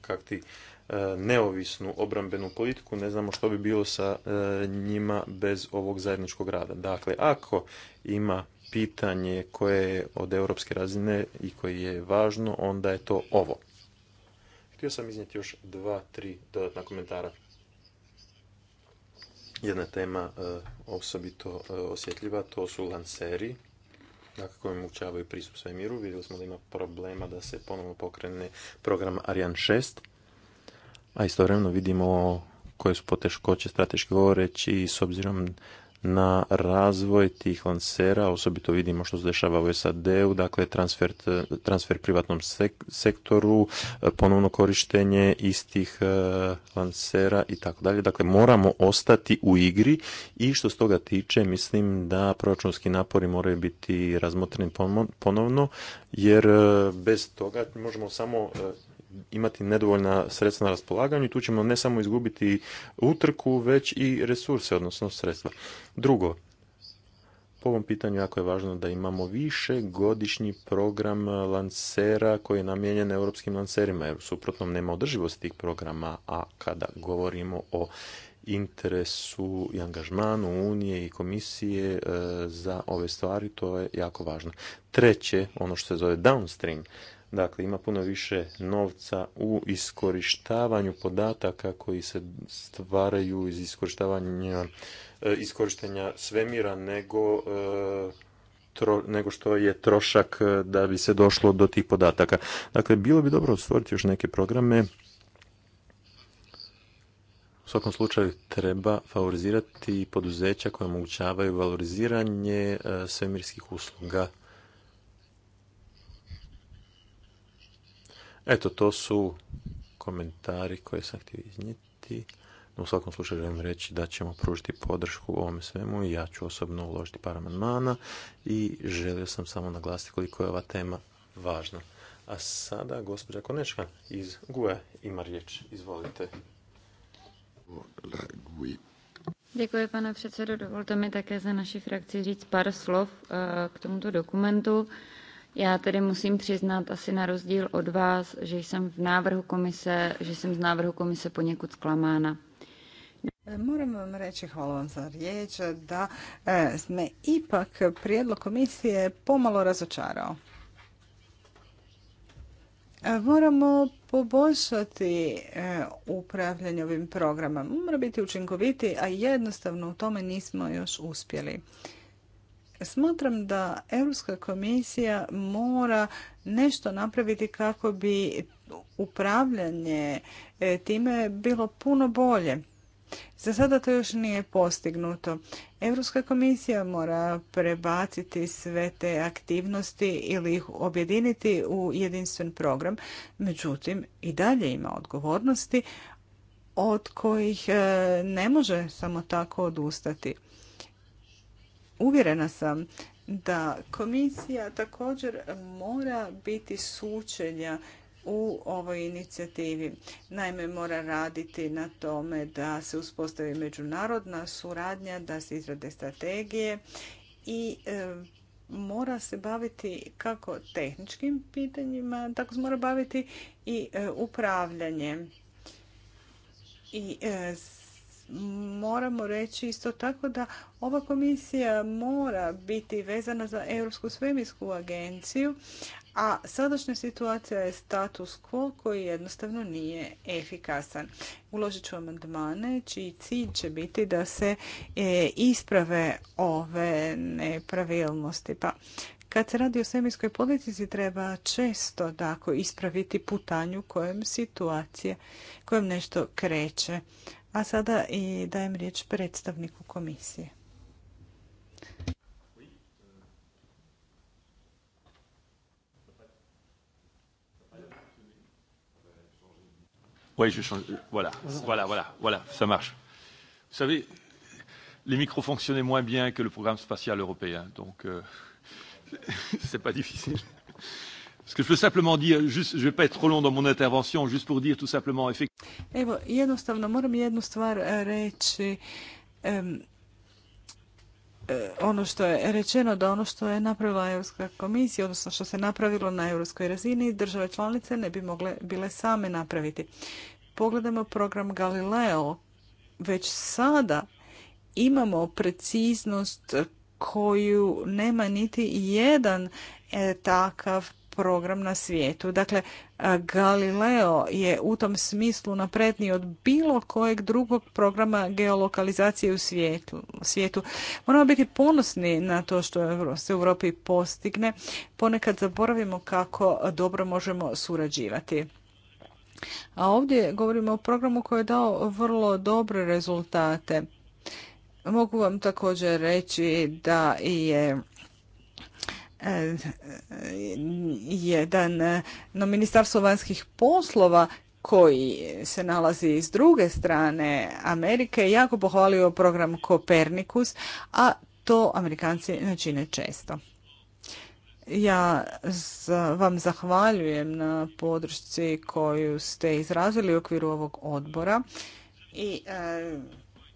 kakti e, neovisnu obrambenu politiku, ne znamo što bi bilo sa e, njima bez ovog zajedničkog rada. Dakle, ako ima pitanje koje je od europske razine i koje je važno, onda je to ovo. Htio sam iznijeti još dva, tri dodatna komentara. Jedna tema e, osobito e, osjetljiva, to su lanseri, dakle koji omogućavaju pristup svemiru. Vidjeli smo da ima problema da se ponovno pokrene program Ariane 6, a istovremeno vidimo koje su poteškoće strateški govoreći s obzirom na razvoj tih lansera, osobito vidimo što se dešava u SAD-u, dakle transfer, transfer privatnom sektoru, ponovno korištenje istih e, lansera i tako dalje. Dakle, moramo ostati u igri i što se toga tiče, mislim da proračunski napori moraju biti razmotreni ponovno, jer e, bez toga možemo samo e, imati nedovoljna sredstva na raspolaganju i tu ćemo ne samo izgubiti utrku, već i resurse, odnosno sredstva. Drugo, po ovom pitanju jako je važno da imamo više godišnji program lansera koji je namijenjen europskim lanserima, jer suprotno nema održivosti tih programa, a kada govorimo o interesu i angažmanu Unije i komisije e, za ove stvari, to je jako važno. Treće, ono što se zove downstream, Dakle, ima puno više novca u iskorištavanju podataka koji se stvaraju iz iskorištavanja e, iskorištenja svemira nego e, nego što je trošak e, da bi se došlo do tih podataka. Dakle, bilo bi dobro stvoriti još neke programe. U svakom slučaju treba favorizirati poduzeća koje omogućavaju valoriziranje svemirskih usluga Eto, to su komentari koje sam htio iznijeti. U svakom slučaju želim reći da ćemo pružiti podršku ovome svemu i ja ću osobno uložiti par amandmana i želio sam samo naglasiti koliko je ova tema važna. A sada gospođa Konečka iz GUE ima riječ. Izvolite. Děkuji, pane předsedo. Dovolte mi také za naši frakci říct pár slov eh, k tomuto dokumentu. Ja tedy musím přiznat asi na rozdíl od vás, že jsem v návrhu komise, že jsem z návrhu komise poněkud zklamána. E, moram vam reći, hvala vam za riječ, da e, me ipak prijedlog komisije pomalo razočarao. E, moramo poboljšati upravljanje ovim programom. Mora biti učinkoviti, a jednostavno u tome nismo još uspjeli. Smatram da Europska komisija mora nešto napraviti kako bi upravljanje e, time bilo puno bolje. Za sada to još nije postignuto. Europska komisija mora prebaciti sve te aktivnosti ili ih objediniti u jedinstven program. Međutim, i dalje ima odgovornosti od kojih e, ne može samo tako odustati. Uvjerena sam da komisija također mora biti sučelja u ovoj inicijativi. Naime, mora raditi na tome da se uspostavi međunarodna suradnja, da se izrade strategije i e, mora se baviti kako tehničkim pitanjima, tako se mora baviti i e, upravljanjem i e, moramo reći isto tako da ova komisija mora biti vezana za Europsku svemirsku agenciju, a sadašnja situacija je status quo koji jednostavno nije efikasan. Uložit ću amandmane čiji cilj će biti da se e, isprave ove nepravilnosti. Pa kad se radi o svemirskoj politici treba često dakle, ispraviti putanju kojem situacije, kojem nešto kreće. A sada i dajem riječ predstavniku komisije. Oui, je change. Voilà, voilà, voilà, voilà, ça marche. Vous savez, les micros fonctionnaient moins bien que le programme spatial européen, donc euh, c'est pas difficile. Ce que je peux simplement dire, juste, je vais pas long dans mon intervention, juste pour dire tout simplement Evo, jednostavno moram jednu stvar e, reći. E, ono što je rečeno da ono što je napravila Europska komisija, odnosno što se napravilo na europskoj razini, države članice ne bi mogle bile same napraviti. Pogledajmo program Galileo. Već sada imamo preciznost koju nema niti jedan e, takav program na svijetu. Dakle, Galileo je u tom smislu napredniji od bilo kojeg drugog programa geolokalizacije u svijetu. Moramo biti ponosni na to što se u Europi postigne. Ponekad zaboravimo kako dobro možemo surađivati. A ovdje govorimo o programu koji je dao vrlo dobre rezultate. Mogu vam također reći da je jedan e, no ministarstvo vanjskih poslova koji se nalazi iz druge strane Amerike jako pohvalio program Kopernikus, a to Amerikanci ne čine često. Ja vam zahvaljujem na podršci koju ste izrazili u okviru ovog odbora i e,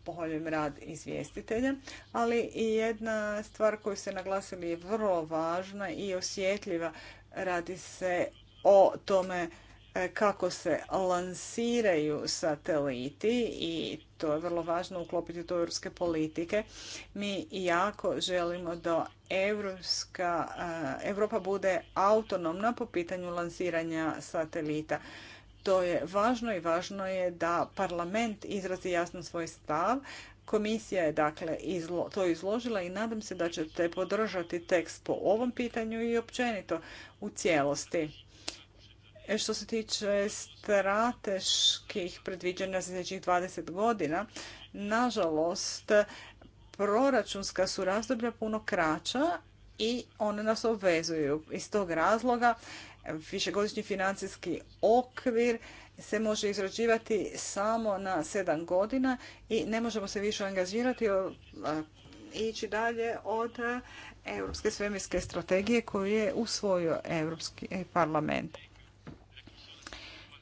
pohvaljujem rad izvjestitelja, ali i jedna stvar koju ste naglasili je vrlo važna i osjetljiva. Radi se o tome e, kako se lansiraju sateliti i to je vrlo važno uklopiti u europske politike. Mi jako želimo da Evropa e, bude autonomna po pitanju lansiranja satelita. To je važno i važno je da parlament izrazi jasno svoj stav. Komisija je dakle to izložila i nadam se da ćete podržati tekst po ovom pitanju i općenito u cijelosti. E, što se tiče strateških predviđanja za sljedećih 20 godina, nažalost, proračunska su razdoblja puno kraća i one nas obvezuju. Iz tog razloga višegodišnji financijski okvir se može izrađivati samo na sedam godina i ne možemo se više angažirati ići dalje od Europske svemirske strategije koju je usvojio Europski parlament.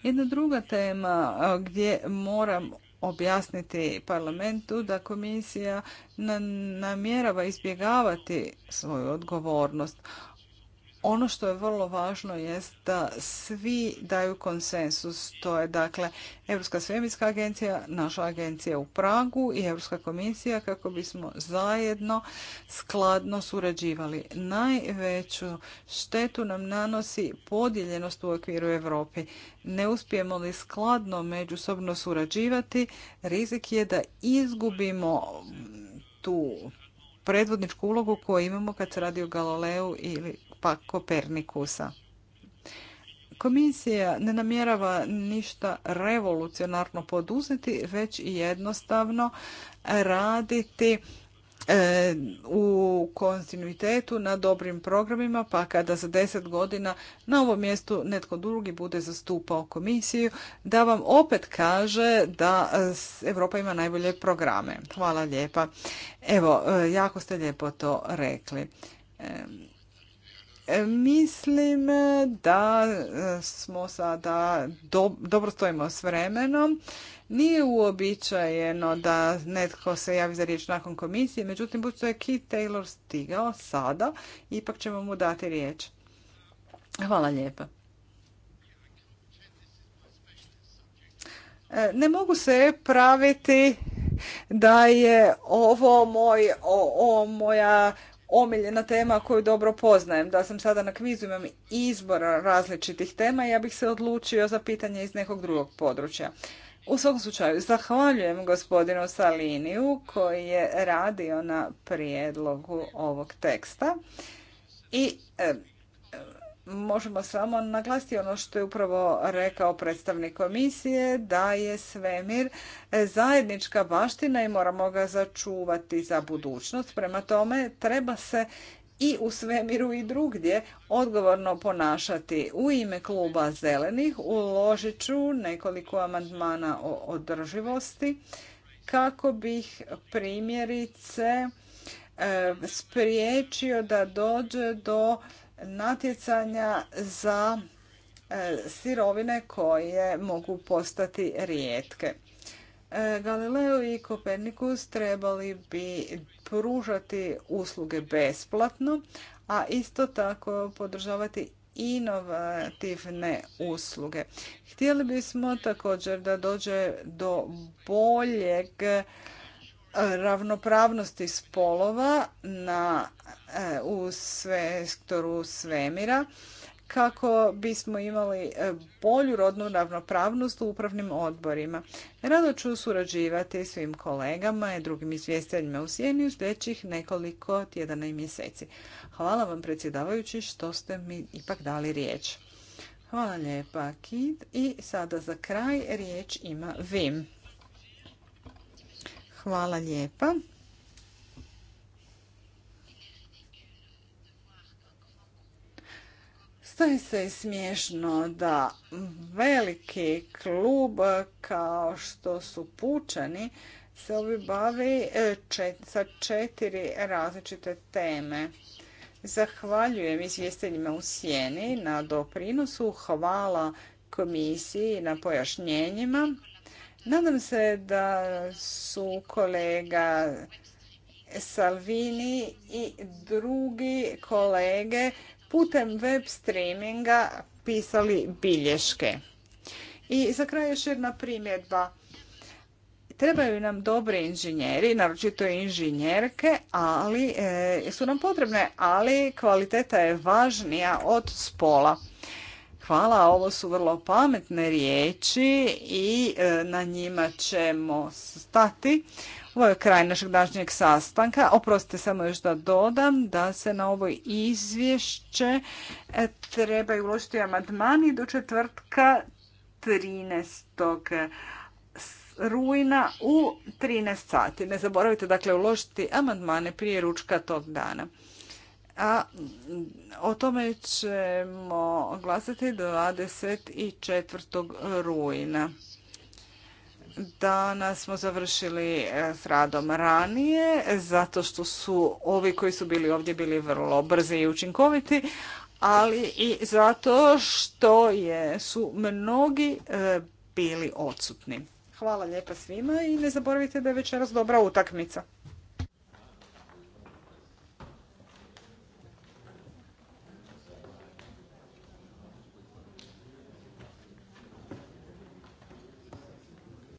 Jedna druga tema gdje moram objasniti parlamentu da komisija namjerava izbjegavati svoju odgovornost ono što je vrlo važno jest da svi daju konsensus. To je dakle Europska svemirska agencija, naša agencija u Pragu i Europska komisija kako bismo zajedno skladno surađivali. Najveću štetu nam nanosi podijeljenost u okviru Europe. Ne uspijemo li skladno međusobno surađivati, rizik je da izgubimo tu predvodničku ulogu koju imamo kad se radi o Galileu ili pa Kopernikusa. Komisija ne namjerava ništa revolucionarno poduzeti, već jednostavno raditi E, u kontinuitetu na dobrim programima, pa kada za deset godina na ovom mjestu netko drugi bude zastupao komisiju, da vam opet kaže da Europa ima najbolje programe. Hvala lijepa. Evo, e, jako ste lijepo to rekli. E, mislim da smo sada dobro stojimo s vremenom. Nije uobičajeno da netko se javi za riječ nakon komisije, međutim, budući je Keith Taylor stigao sada, ipak ćemo mu dati riječ. Hvala lijepa. E, ne mogu se praviti da je ovo moj, o, moja omiljena tema koju dobro poznajem. Da sam sada na kvizu imam izbor različitih tema i ja bih se odlučio za pitanje iz nekog drugog područja. U svakom slučaju, zahvaljujem gospodinu Saliniju koji je radio na prijedlogu ovog teksta i e, možemo samo naglasiti ono što je upravo rekao predstavnik komisije, da je svemir e, zajednička baština i moramo ga začuvati za budućnost. Prema tome, treba se i u svemiru i drugdje odgovorno ponašati. U ime kluba zelenih uložit ću nekoliko amandmana o održivosti kako bih primjerice e, spriječio da dođe do natjecanja za e, sirovine koje mogu postati rijetke. E, Galileo i Kopernikus trebali bi pružati usluge besplatno, a isto tako podržavati inovativne usluge. Htjeli bismo također da dođe do boljeg e, ravnopravnosti spolova e, u sektoru svemira kako bismo imali e, bolju rodnu ravnopravnost u upravnim odborima. Rado ću surađivati svim kolegama i drugim izvjestiteljima u Sjeni u sljedećih nekoliko tjedana i mjeseci. Hvala vam predsjedavajući što ste mi ipak dali riječ. Hvala lijepa, Kid. I sada za kraj riječ ima Vim. Hvala lijepa. se je smiješno da veliki klub e, kao što su pučani se ovi bavi e, sa četiri različite teme. Zahvaljujem izvjestiteljima u sjeni na doprinosu, hvala komisiji na pojašnjenjima. Nadam se da su kolega Salvini i drugi kolege putem web streaminga pisali bilješke. I za kraj još jedna primjedba. Trebaju nam dobri inženjeri, naročito inženjerke, ali e, su nam potrebne, ali kvaliteta je važnija od spola. Hvala, ovo su vrlo pametne riječi i e, na njima ćemo stati. Ovo je kraj našeg današnjeg sastanka. Oprostite samo još da dodam da se na ovo izvješće e, trebaju uložiti amandmani do četvrtka 13. rujna u 13 sati. Ne zaboravite dakle uložiti amandmane prije ručka tog dana. A o tome ćemo glasati 24. rujna. Danas smo završili e, s radom ranije, zato što su ovi koji su bili ovdje bili vrlo brzi i učinkoviti, ali i zato što je, su mnogi e, bili odsutni. Hvala lijepa svima i ne zaboravite da je večeras dobra utakmica.